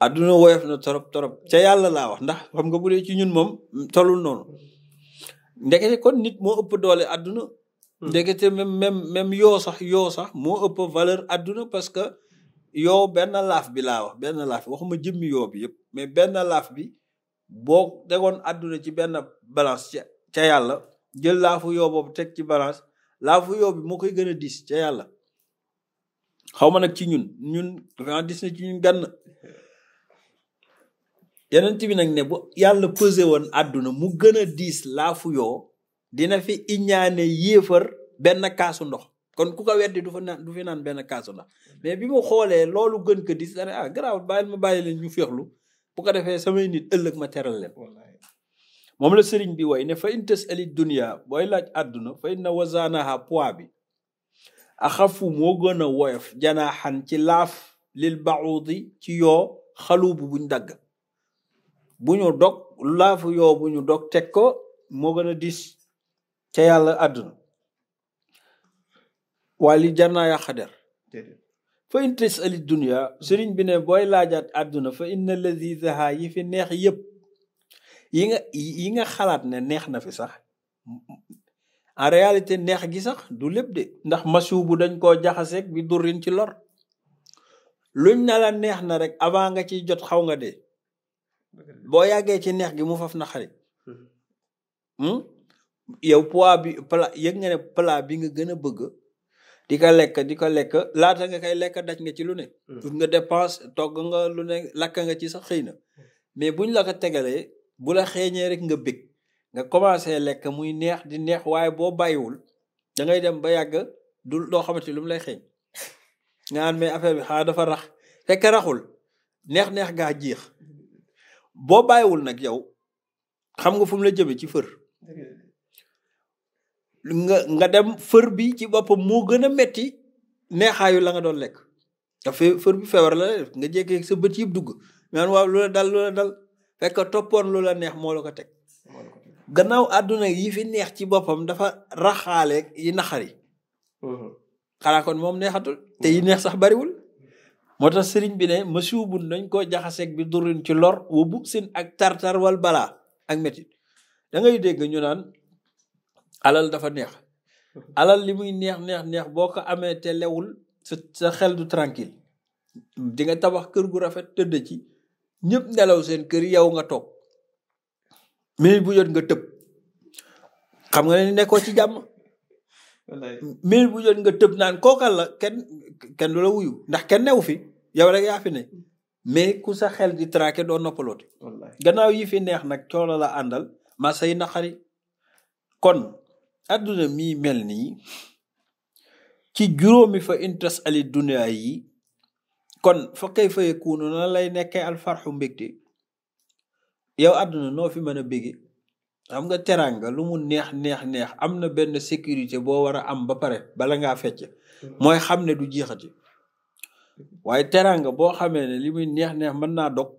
àdduna woyof na torop torop ca yàlla laa wax ndax xam nga bu dee ci ñun moom tolul noonu ndekete kon nit moo ëpp doole àdduna hmm. ndekete même même même yoo sax yoo sax moo ëpp valeur àdduna parce que yow benn laaf bi laa wax benn laaf waxuma jëmmi yoo yëpp mais benn laaf bi boo tegoon àdduna ci benn balance ca yàlla jël laafu yoo boobu teg ci balance laafu yoo bi moo koy gën a diis ca yàlla xaw ma nag ci ñun ñun vraiment diis na ci ñun nag ne bu yàlla pesé woon àdduna mu gën a diis laafu yoo dina fi iñaane yéefar benn kaasu ndox kon ku ko weddi du fa naan du fi naan benn kaasu la mm-hmm. mais bi mu xoolee loolu gën ko dis dane ah garaawul bàyyil ma bàyyi leen ñu féexlu bu ko defee samay nit ëllëg ma teral moom la sëriñ bi woy ne fa in tas ali dunia booy laaj àdduna fa inna wazaanaha poids bi axafu moo gën a woyof janaaxan ci laaf lil baxuudi ci yoo xalubu buñ dagg bu dog laafu yoo bu dog teg ko moo gën a dis ca yàlla àdduna waaye li jar naa yàq der fa in tasali dunya sëriñ bi ne booy laajaat àdduna fa inna lazizaha yi fi neex yëpp yi nga yi nga xalaat ne neex na fi sax en réalité neex gi sax du lépp de ndax masubu bu dañ koo jaxaseek bi durrin ci lor luñ na neex na rek avant nga ciy jot xaw nga de boo yàggee ci neex gi mu faf na xarit hmm. hmm? yow poids bi plat yëg nga ne plat bi nga gën a bëgg di ko lekk di ko lekk laata nga kay lekk daj nga ci lu ne. Hmm. nga dépense togg nga lu ne lakk nga ci sax xëy na hmm. mais buñ la ko tegalee bu la xeeñee rek nga bëgg nga commencé lekk muy neex di neex waaye boo bàyyiwul da ngay dem ba yàgg du loo xamante lu mu lay xeeñ nga naan mais affaire bi xaa dafa rax fekk raxul neex-neex gaa jiix boo bàyyiwul nag yow xam nga fu la jëme ci fër. nga nga dem fër bi ci boppam moo gën a metti neexaayu la nga doon lekk te fër bi feebar la nga jékkee sa bët yëpp dugg naan waaw lu la dal lu la dal fekk toppoon lu la neex moo la ko teg gannaaw àdduna yi fi neex ci boppam dafa raxaale yi naxari mhm. xanaa kon moom neexatul te yi mhm. neex sax bariwul moo tax sëriñ bi ne masuubun dañ koo jaxaseek bi durin ci lor wa bu sin ak tartar wal balaa ak métit da ngay dégg ñu naan alal dafa neex alal li muy neex neex neex boo ko amee te lewul sa sa xel du tranquille di nga tabax kër gu rafet tëdd ci ñëpp nelaw seen kër yow nga toog minute bu jot nga tëb xam nga ne nekkoo ci jàmm minute bu jot nga tëb naan kookal la kenn kenn du la wuyu ndax kenn newu fi yow rek yaa fi ne mais ku sa xel di traqué doo noppaloote gannaaw yi fi neex nag coono la àndal ma say naqari kon àdduna mi mel nii ci juróomi fa intas ali dunya yi kon fa kay fa yakunu na lay nekkee alfarxu mbégte yow àdduna noo fi mën a bége xam nga teraanga lu mu neex neex neex am na benn sécurité boo war a am ba pare bala ngaa fecc mooy xam ne du jeexati waaye teraanga boo xamee ne li muy neex neex mën naa dog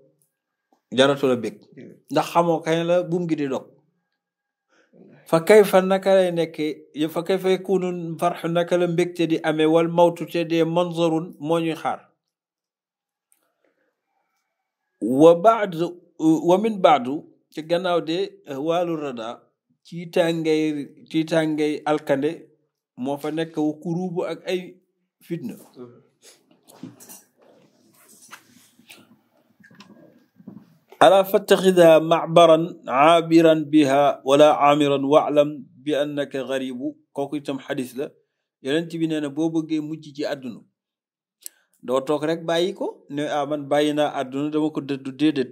jaratul a bég hmm. ndax xamoo kañ la buum gi di dog fa kayfa naka lay nekke fa kayfa yakunu farxu naka la mbégte di amee wal mawtu te dee manzarun moo ñuy xaar wa baadu wa min baadu ci gannaaw de waalu rada ci tàngay ci tàngay alkande moo fa nekk wu kurubu ak ay fitna alaa fattaxidaa macbaran aabiran biha wala aamiran waalam bi annaka garibu kooku itam xadis la yonent bi nee na boo bëggee mujj ci àdduna doo toog rek bàyyi ko ne ah man bàyyi naa àdduna dama ko dëddu déedéet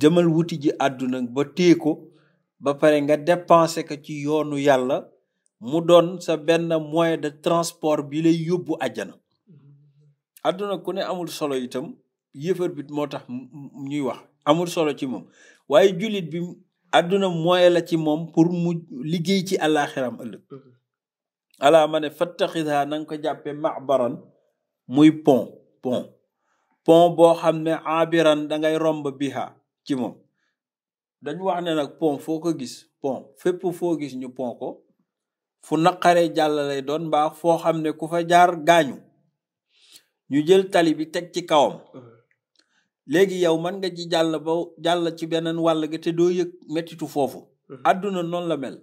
demal wuti ji àdduna ba téye ba pare nga dépensé ko ci yoonu yàlla mu doon sa benn moyen de transport bi lay yóbbu àjjana àdduna ku ne amul solo itam yëfër bit moo tax ñuy wax amul solo ci moom waaye jullit bi àdduna mooy la ci moom pour mu liggéey ci àllaaxiram ëllëg mhm. alaa ne fattaxida na nga ko jàppee maxbaran muy pon pon pon boo xam ne abiran dangay romb biha ci moom dañ wax ne nag pont foo ko gis pon fépp foo gis ñu pont ko fu naqare jàll lay doon mbaa foo xam ne ku fa jaar gaañu ñu jël tali bi teg ci kawam mhm. léegi yow man nga ji jàll ba jàll ci beneen wàll ga te doo yëg mettitu foofu àdduna mhm. noonu la mel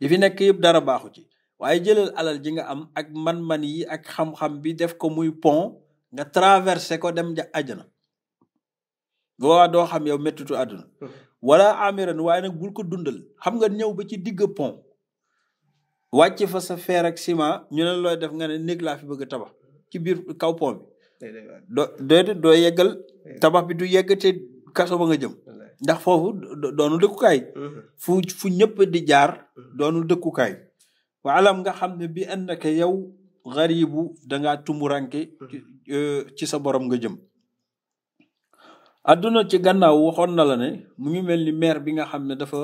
li fi nekk yëpp dara baaxu ci waaye jëlal alal ji nga am ak man-man yi ak xam-xam bi def ko muy pon nga traversé ko dem ja àjjana boobaa doo xam yow mettitu àdduna mhm. wala amiran waaye nag bul ko dundal xam nga ñëw ba ci digg pont wàcc fa sa feer ak ciment ñu ne looy def nga ne néeg laa fi bëgg taba ci biir kaw pont bi do doo yeggal tabax bi du yegg te kaso ba nga jëm ndax foofu doonul dëkkukaay mhm. fu fu ñëpp di jaar mhm. doonul dëkkukaay wa alam nga xam ne bi annaka yow xaribu dangaa tumuranke mhm. euh, ci sa borom nga jëm adduna ci gannaaw waxoon na la ne mu ngi mel ni maire bi nga xam ne dafa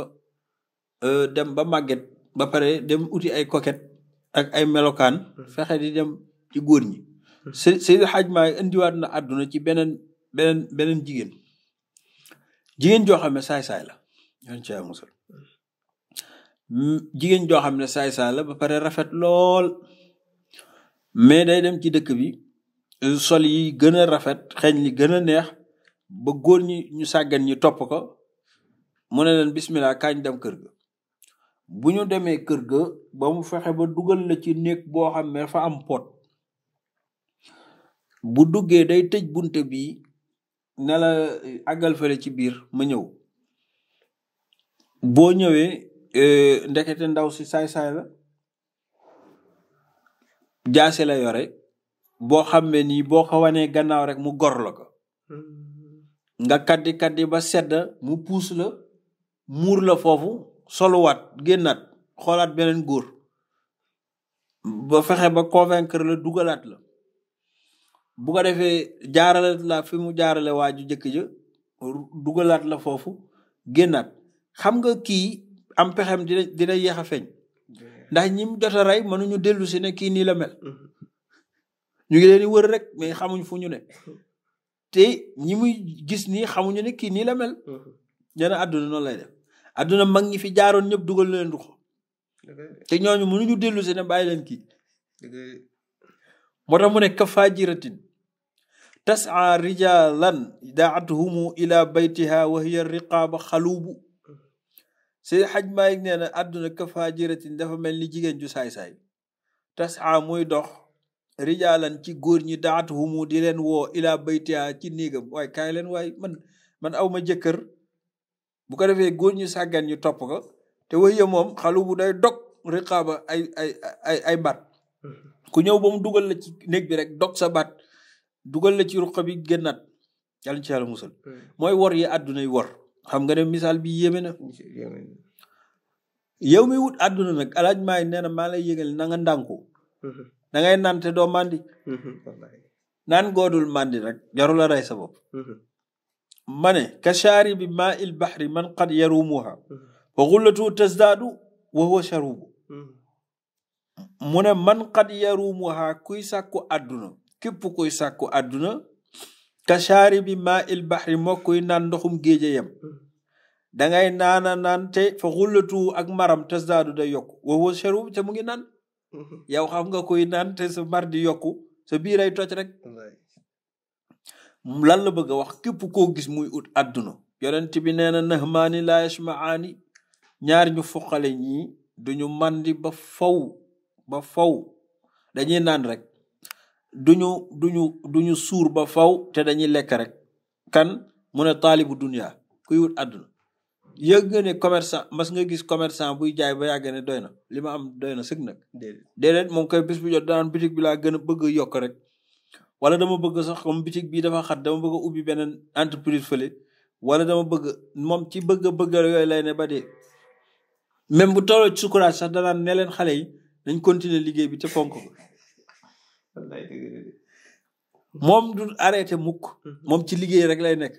euh, dem ba màgget ba pare dem uti ay koket ak ay melokaan fexe di dem ci góor ñi Sey xaj Hadj Malick indiwaat na àdduna ci beneen beneen beneen jigéen jigéen joo xam ne saay-saay la yoon ci musal jigéen joo xam ne saay-saay la ba pare rafet lool mais day dem ci dëkk bi sol yi gën a rafet xeeñ li gën a neex ba góor ñi ñu sàggan ñi topp ko mu ne leen bismillah kañ dem kër ga bu ñu demee kër ga ba mu fexe ba dugal la ci néeg boo xam ne fa am pot bu duggee day tëj bunte bi nala la eh, àggal fële ci biir ma ñëw boo ñëwee eh, ndekete ndaw si saay-saay la jaase la yore boo xam ne nii boo ko wanee gannaaw rek mu gor la ko hmm. nga kaddi kaddi ba sedd mu puus la muur la foofu soluwaat génnaat xoolaat beneen góor ba fexe ba convaincre la dugalaat la bu ko defee jaarale la fi mu jaarale waa ju jëkk ja dugalaat la foofu génnaat xam nga kii am pexem dina dina yéex a feeñ ndax ñi mu jot a rey mënuñu dellu si ne kii nii la mel ñu ngi leen wër rek mais xamuñ fu ñu ne te ñi muy gis nii xamuñu ne kii nii la mel ñu mm-hmm. ne lay def àdduna mag ñi fi jaaroon ñëpp dugal leen du ko te ñooñu mënuñu dellu si ne bàyyi leen kii moo tax mu ne ka fajiratin tas'a rijalan daatuhumu ila baytiha wa hiya riqaaba xaluubu si xaj maayig nee na àdduna ka fajiratin dafa mel ni jigéen ju saay-saay tas'a muy dox rijalan ci góor ñi daatuhumu di leen woo ila baytiha ci néegam waaye kaay leen waaye man man awma jëkkër bu ko defee góor ñu sàggan ñu topp ko te wax ya moom xalu bu day dog riqaaba ay ay bat hmm. ku ñëw ba mu dugal la ci néeg bi rek dog sa baat dugal la ci ruq bi génnaat yàlla ci yàlla mooy wor yi àdduna yi wor xam nga ne misaal bi yéeme na yow mi wut àdduna nag alaaj may nee ma lay yëgal na nga ndànku da mhm. ngay naan te doo màndi mhm. naan goodul màndi nag jarul a rey sa bopp mhm. ma bi maa il baxri man qad yarumuha wa xullatu tasdaadu wa huwa sharubu mu ne man xat yarumuha kuy sàkku àdduna képp kuy sàkku àdduna kachaari bi maa il baxri moo kuy naan ndoxum géeje yem dangay naana naan te fa xullatu ak maram te zaadu da yokku wawa cheru te mu ngi naan yow xam nga koy naan te sa mar di yokku sa biir ay toj rek lan la bëgg a wax képp koo gis muy ut àdduna yonent bi nee na nahmaani laa yashmaani ñaar ñu fuqale ñii duñu mandi ba faw ba faw dañuy naan rek du duñu duñu duñu suur ba faw te dañuy lekk rek kan mu ne taalibu dunya kuy wut àdduna yëg nga ne commerçant mas nga gis commerçant buy jaay ba yàgg ne doy na li ma am doy na sëg nag déedéet moom koy bis bu jot danaan bitig bi laa gën a bëgg yokk rek wala dama bëgg sax comme bitig bii dafa xat dama bëgg ubbi beneen entreprise fële wala dama bëgg moom ci bëgg a bëggal yooyu lay ne ba dee même bu tolloo ci sukuraat sax danaan ne leen xale yi dañ continuer liggéey bi te fonk moom du arrêté mukk mhm. moom ci liggéey rek lay nekk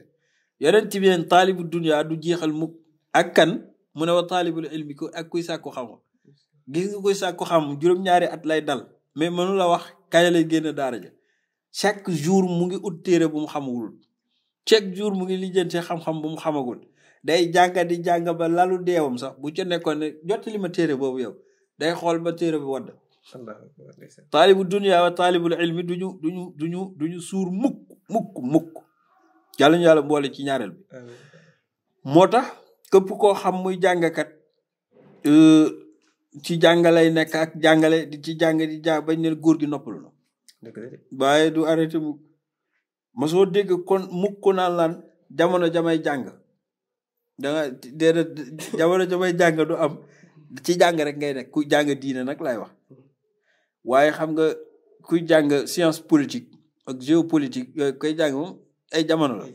yonent bi neen taalibu dunya du jeexal mukk ak kan mu ne wa taalibul ilmi ko ak kuy sàkku xam gi nga kuy xam juróom-ñaari at lay dal mais mënu la wax kañ lay génn daara ja chaque jour mu ngi ut téere bu mu xamagul chaque jour mu ngi lijjante xam-xam bu mu xamagul day jànga di jàng ba lalu deewam sax bu ca nekkoon ne jottali ma téere boobu yow day xool ba téere bi wadd taalibu dunia wa taalibul ilmi duñu duñu duñu suur mukk mukk mukk yàlla ñu yàlla mboole ci ñaareel bi moo tax képp koo xam muy jàngkat euh, ci jàngalay nekk ak jàngale di ci jàng di jàng bañ ne góor gi noppul na waaye du arrêté mukk masoo dégg kon mukk naan lan jamono jamay jàng danga déedéet jamono jamay jàng du am ci jàng rek ngay nekk ku jàng diine nag lay wax waaye xam nga kuy jàng science politique ak géopolitique yooyu koy jàng moom ay jamono la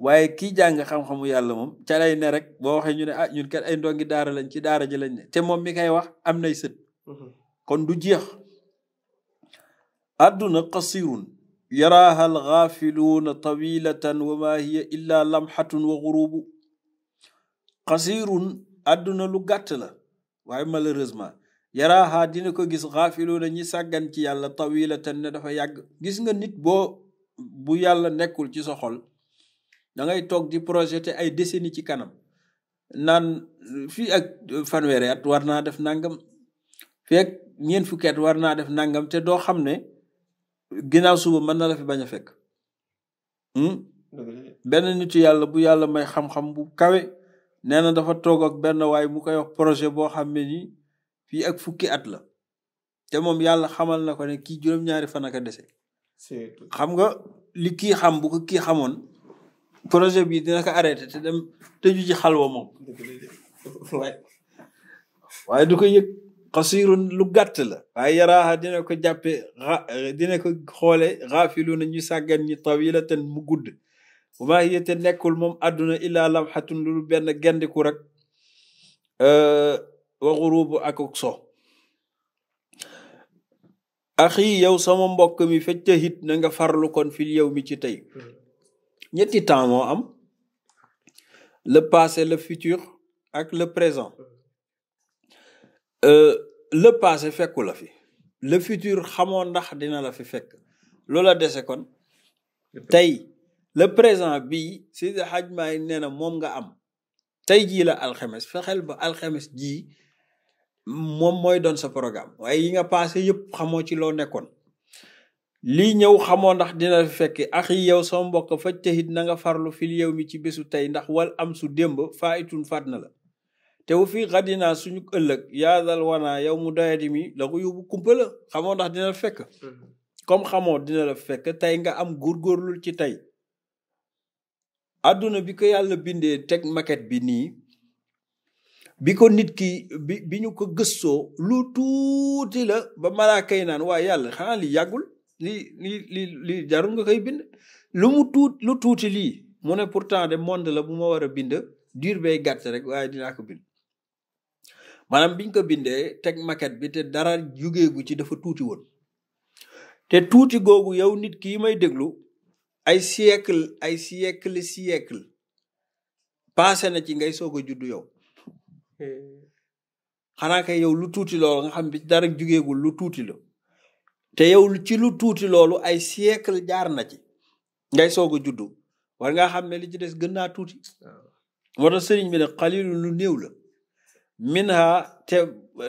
waaye kiy jàng xam-xamu yàlla moom ca lay ne rek boo waxee ñu ne ah ñun kat ay daara lañ ci daara ji lañ ne te moom mi koy wax am nay sët mhm. kon du jeex àdduna qasirun yaraaha alxaafiluuna tawilatan wa ma hiya illa lamxatun wa xurubu qasirun àdduna lu gàtt la waaye malheureusement yaraaxaa dina ko gis na ñi sàggan ci yàlla tawilatan ne dafa yàgg gis nga nit boo bu yàlla nekkul ci sa xol da ngay toog di projeté ay décennie ci kanam naan fii ak fanweeri at war naa def nangam fek ak ñeent fukki war naa def nangam te doo xam ne ginnaaw suba mën na la fi bañ a fekk hmm? benn nitu yàlla bu yàlla may xam-xam bu kawe nee na dafa toog ak benn waay mu koy wax projet boo xam ne ni fii ak fukki at la te moom yàlla xamal na ko ne kii juróom-ñaari fan ak dese. xam nga li kii xam bu ko kii xamoon projet bi dina ko arrêté te dem te ci xalwa moom. waaye du ko yëg xasirun lu gàtt la waaye yaraaxa dina ko jàppe dina ko xoole xaafilu na ñu sàggan ñi tawilatan mu gudd wa maa te nekkul moom àdduna illaa lamxatun lu benn gendiku rek euh, wa xurubu akuk so axi yow sama mbokk mi fecca hit na nga farlu kon fil yow mi ci tey hmm. ñetti temps moo am le passé le futur ak le présent hmm. euh, le passé fekku la fi le futur xamoo ndax dina la fi fekk loola dese kon tey le présent bi si xaj maay nee na moom nga am tey jii la alxemes fexeel ba alxemes jii moom mooy doon sa programme waaye yi nga passé yëpp xamoo ci loo nekkoon li ñëw xamoo ndax dina fi fekk ak yi yow soo mbokk faj tahit na nga farlu fil yow mi ci bésu tey ndax wal am su demb faa itun faat na la te wu fii xadinaa suñu ëllëg yaadal wanaa yow mu doyati mi la ko yóbbu kumpa la xamoo ndax dina la fekk mm-hmm. comme xamoo dina la fekk tey nga am góorgóorlul ci tey àdduna bi ko yàlla bindee teg maquette bi nii bi ko nit ki bi bi ñu ko gëstoo lu tuuti la ba malaaka yi naan waaye yàlla xanaa li yàggul li li li li jarul nga koy bind lu mu tuut lu tuuti lii mu ne pourtant de monde la bu ma war a bind diir bay gàtt rek waaye dinaa ko bind maanaam biñ ko bindee teg maquette bi te dara jugeegu ci dafa tuuti woon te tuuti googu yow nit ki may déglu ay siècle ay siècle siècle passé na ci ngay soog a juddu yow hmm. xanaa kay yow lu tuuti loolu nga xam bi dara jugeegul lu tuuti la te yow ci lu tuuti loolu ay siècle jaar na ci ngay soog a juddu war ngaa xam ne li ci des gën naa tuuti hmm. moo sëriñ bi ne xalilu lu néew la minha te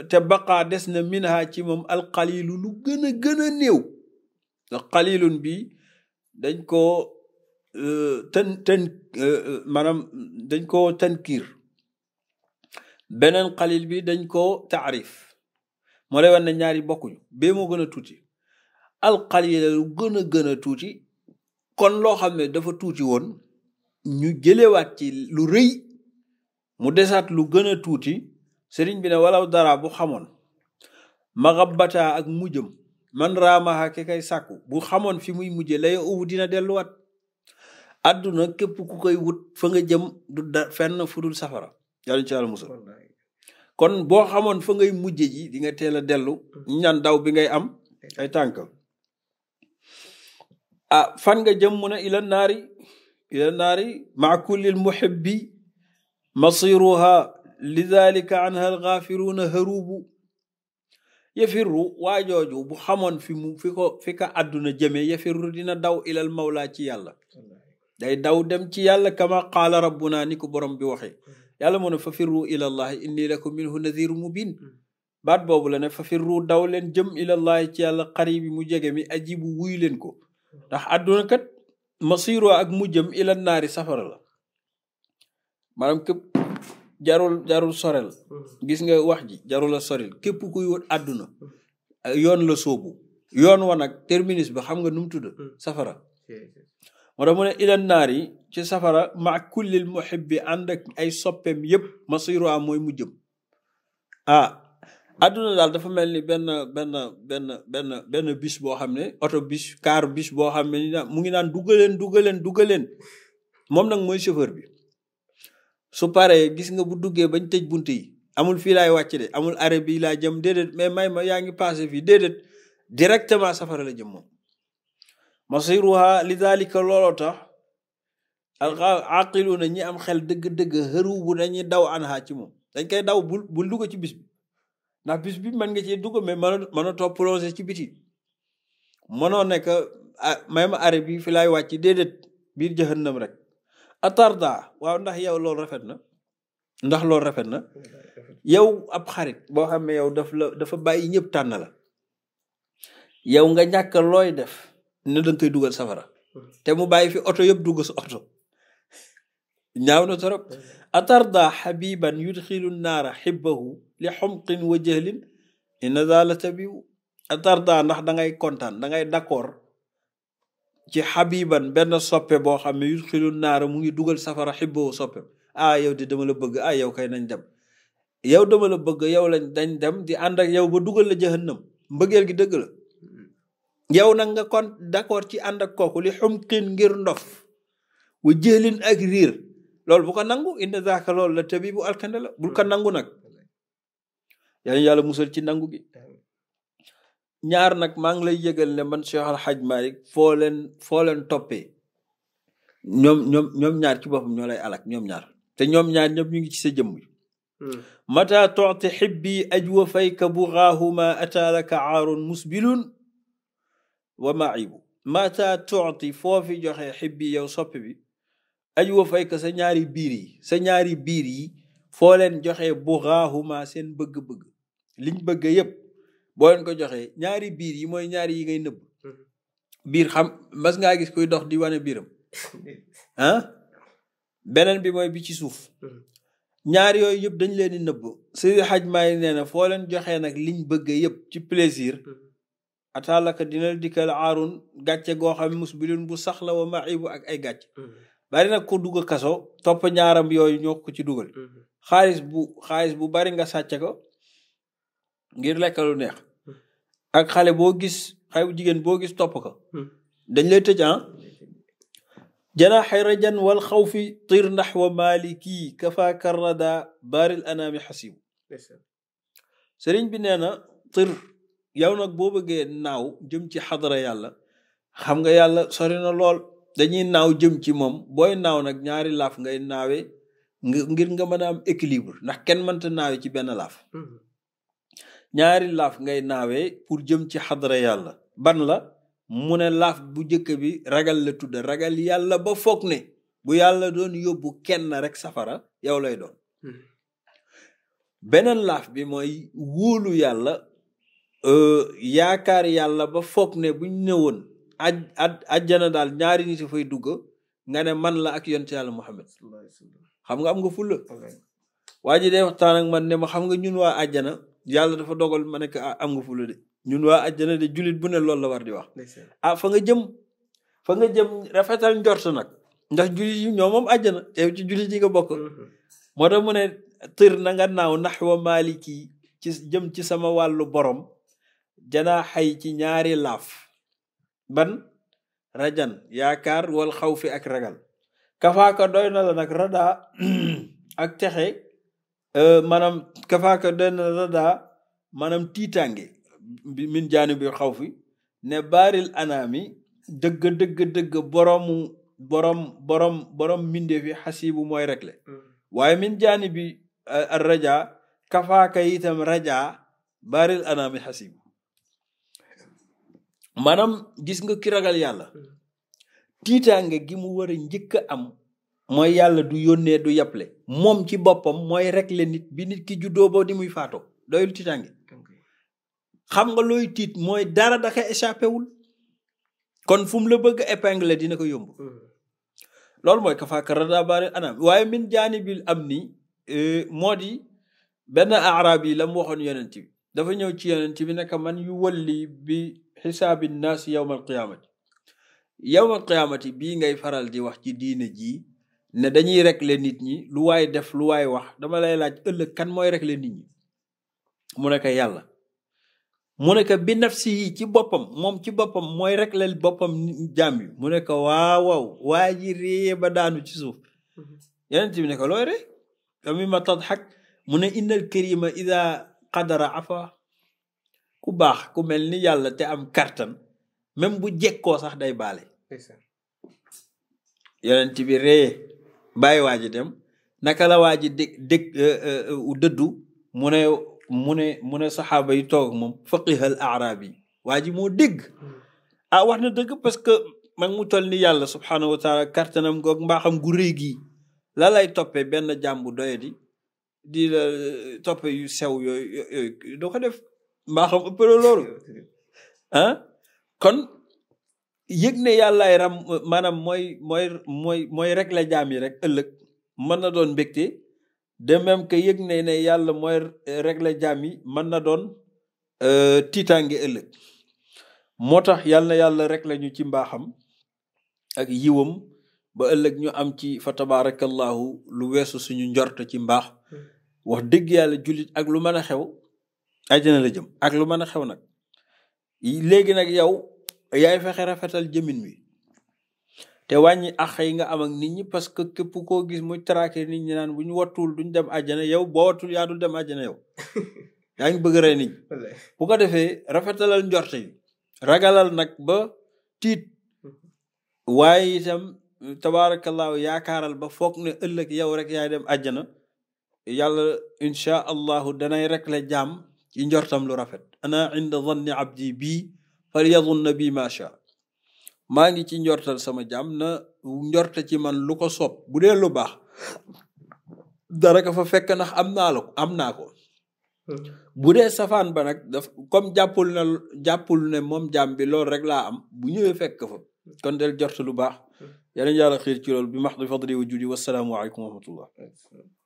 te baqaa des na minha ci moom alxalilu lu gën a gën a néew la bi dañ koo euh, ten ten euh, maanaam dañ koo tankiir beneen xalil bi dañ koo taarif moo lay wan ne ñaari bokkuñu bee moo gën a tuuti al xalil lu gën a gën a tuuti kon loo xam ne dafa tuuti woon ñu jëlewaat ci lu rëy mu desaat lu gën a tuuti sëriñ bi ne walaw dara bu xamoon maxabbata ak mujjëm man raamaha ke kay bu xamoon fi muy mujje lay uwu dina delluwat àdduna képp ku koy wut fa nga jëm du da fenn fu dul safara yàlla ci yàlla kon boo xamoon fa ngay mujje ji dinga nga teel a dellu ñu daw bi ngay am ay tànk ah fan nga jëm mu ne ila naari ila naari maa kullil muhibbi masiruha lidalika anha alxaafiruuna harubu waa waajooju bu xamoon fi mu fi ko fi ka àdduna jëmee yafirru dina daw ilal mawlaa ci yàlla day daw dem ci yàlla kama qaala rabbuna ni ko borom bi waxee yàlla moo ne fa firru ilallahi inni lakum minhu mu mubin baat boobu la ne fa firru daw leen jëm ilallahi ci yàlla xaribi mu jege mi ajibu wuy leen ko ndax àdduna kat masiru ak mu jëm ilal naari safara la maanaam képp jarul jarul sorel mm-hmm. gis nga wax ji jarul a sorel képp kuy wut àdduna yoon la sóobu yoon wa nag terminus ba xam nga nu mu tudd mm. safara moo tax mu ne ilan naar yi ci safara ma kullil muhibbi ànd ak ay soppeem yépp masiruwaa mooy mu jëm ah àdduna daal dafa mel ni benn benn benn benn benn bis boo xam ne oto bis car bis boo xam ne mu ngi naan duggaleen duggaleen duggaleen moom nag mooy chauffeur bi su paree gis nga bu duggee bañ tëj bunt yi amul fii laay wàcc de amul arrêt bi laa jëm déedéet mais may ma yaa ngi passé fii déedéet directement safara la jëm moom masiruha li dalika looloo tax alaqiluna ñi am xel dëgg-dëgg xëru bu dañuy daw an ci moom dañ koy daw bul bul dugg ci bis bi ndax bis bi mën nga ci dugg mais mën mën a topp ci biti mënoo nekk ah, may ma arrêt bi fi laay wàcc déedéet biir jahannam rek atarda waaw ndax yow loolu rafet na ndax loolu rafet na yow ab xarit boo xam ne yow daf la dafa bàyyi ñëpp tànn la yow nga ñàkk looy def ne danga koy dugal safara te mu bàyyi fi oto yëpp dugg sa oto ñaaw na torop atarda xabiban yudxilu naara xibbahu li wo wa jahlin inna daala tabiu atarda ndax da ngay kontaan da ngay d'accord ci xabiban benn soppe boo xam ne yudxilu naara mu ngi dugal safara xibboo soppe ah yow di dama la bëgg ah yow kay nañ dem yow dama la bëgg yow lañ dañ dem di ànd ak yow ba dugal la jahannam mbëggeel gi dëgg la yow nag nga kon d'accord ci ànd ak kooku li xumqin ngir ndof wa jëlin ak riir loolu bu ko nangu inna zaaka loolu la tabi bu alkande la bul ko nangu nag yàlla musal ci nangu gi ñaar nag maa ngi lay yëgal ne man Cheikh Al Hadj Malick foo leen foo leen toppee ñoom ñoom ñoom ñaar ci ñoo lay alak ñoom ñaar te ñoom ñaar ñoom ñu ngi ci sa jëmm yi hmm. mata toxte xibbi ajwa fayka buxaahuma ataalaka aarun musbilun wa maibu mata toxti foofi joxe xibbi yow sopp bi ajwa fayka sa ñaari biir yi sa ñaari biir yi foo leen joxe buxaahuma seen bëgg-bëgg liñ bëgg yépp boo leen ko joxee ñaari biir yi mooy ñaari yi ngay nëb biir xam mas ngaa gis kuy dox di wane biiram ah? beneen bi mooy bi ci suuf ñaari yooyu yëpp dañ leen di nëbb Seydi Hajj Maalik nee na foo leen joxee nag liñ bëgg yëpp ci plaisir hmm. ataalaka dina dikkal aarun gàcce goo xam musbilun bu sax la wa maibu ak ay gàcce hmm. bari nag ko dugg kaso topp ñaaram yooyu ñoo ko ci dugal hmm. xaalis bu xaalis bu bari nga sàcce ko ngir lekk lu neex ak xale boo gis xale jigéen boo gis topp ko hmm. dañ lay tëj ah janaaxay jan wal xaw xawfi tir naxwa maliki kafaaka rada baaril anaami xasibu sëriñ bi nee na tir yow nag boo bëggee naaw jëm ci xadara yàlla xam nga yàlla sori na lool dañuy naaw jëm ci moom booy naaw nag ñaari laaf ngay naawe ngir nga mën a équilibre ndax kenn mënta naawe ci benn laaf hmm. ñaari laaf ngay naawee pour jëm ci xadra yàlla ban la mu ne laaf bu njëkk bi ragal la tudda ragal yàlla ba foog ne bu yàlla doon yóbbu kenn rek safara yow lay doon hmm. beneen laaf bi mooy wóolu yàlla euh, yaakaar yàlla ba foog ne buñ ñëwoon aj aj ajjana daal ñaari nit fay dugg nga ne man la ak yonent yàlla Muhammad xam nga am nga fulla waa ji day man ne xam nga ñun waa ajjana yàlla dafa dogal ma nekk ah, am nga fula de ñun waa àjjana de jullit bu ne loolu la war di wax a ah, fa nga jëm fa nga jëm rafetal njort nag ndax jullit yi ñoo moom àjjana jullit yi nga bokk mm-hmm. moo tax mu ne tir na nga naaw naxwa maliki ci jëm ci sama wàllu borom janaa xay ci ñaari laaf ban rajan yaakaar wal xaw fi ak ragal kafaaka doy na la nag rada ak texe Euh, maanaam kafaaka den radaa maanaam tiitaange min jaani bi xaw fi ne baaril anaami dëgg dëgg dëgg boroomu borom borom borom mbindeef yi xasibu mooy rekle mm. waaye min jaani bi euh, raja kafaaka itam raja baaril anaami xasibu maanaam gis nga ki ragal yàlla mm. tiitaange gi mu war njëkk a am mooy yàlla du yónnee du yàpple moom ci boppam mooy régler nit bi nit ki juddoo ba di muy faatoo doyul tiitaange xam nga looy tiit mooy dara dafa échappé wul kon fu la bëgg épingle dina ko yomb mm. loolu mooy kafaaka radabaari anam waaye min jaani bil am ni e, moo di benn arab yi la mu waxoon yonent dafa ñëw ci yonent bi ne man yu walli bi xisaabi naas yowmal qiyaamati yowmal qiyaamati bii ngay faral di wax ci diine jii ne dañuy régler nit ñi lu waay def lu waay wax dama lay laaj ëllëg kan mooy régler nit ñi mu ne yàlla mu ne ko bi ci boppam moom ci boppam mooy régler boppam jaam yi mu ne ko waaw waaw waa ji ree ba daanu ci suuf yeneen bi ne ko looy rek dami ma tadxak mu ne innal karima ida qadara afa ku baax ku mel ni yàlla te am kartan même bu jekkoo sax day baale ree bàyyi waa ji dem naka la waa ji dég dég euh, euh, euh, dëddu mu ne mu ne saxaaba yu toog moom faqihal araab yi waa ji moo dégg hmm. ah wax na dëgg parce que mag mu toll ni yàlla subhaanahu wa taala kartanam goog mbaaxam gu rëy gi la lay toppee benn jàmbu doyadi di la toppe yu sew yooyu yooyu doo ko def mbaaxam ëppale loolu ah kon yëg ne yàllaay ram maanaam mooy mooy mooy mooy rek la jaam rek ëllëg mën na doon mbégte de même que yëg ne ne yàlla mooy rek la jaam mën na doon euh, tiitaange ëllëg moo tax yàlla na yàlla rek la ñu ci mbaaxam ak yiwam ba ëllëg ñu am ci fa tabarakallahu lu weesu suñu njort ci mbaax wax dëgg yàlla julit ak lu mën a xew àjjana la jëm ak lu mën a xew nag léegi nag yow yaay fexe rafetal jëmin wi te wàññi àq yi nga am ak nit ñi parce que képp koo gis mu traqué nit ñi naan bu ñu wattul duñ dem àjjana yow boo wattul yaa dem àjjana yow yaa ngi bëgg rey nit bu ko defee rafetalal njort ragalal nag ba tiit mm-hmm. waaye itam tabaarakallaahu yaakaaral ba fook ne ëllëg yow rek yaay dem àjjana yàlla inchaa allahu danay rek la jaam ci njortam lu rafet ana inda zanni abdi bii fal yadunna bi ma sha maa ngi ci njortal sama jàmm na njorte ci man lu ko sopp bu dee lu baax dara ka fa fekk ndax am naa la am naa ko hmm. bu dee safaan ba nag daf comme jàppul na jàppul ne moom jàmm bi loolu rek laa am bu ñëwee fekk fa kon del jort lu baax hmm. yàlla na yàlla xiir ci loolu bi max di fadli wa judi wasalaamu aleykum wa rahmatullah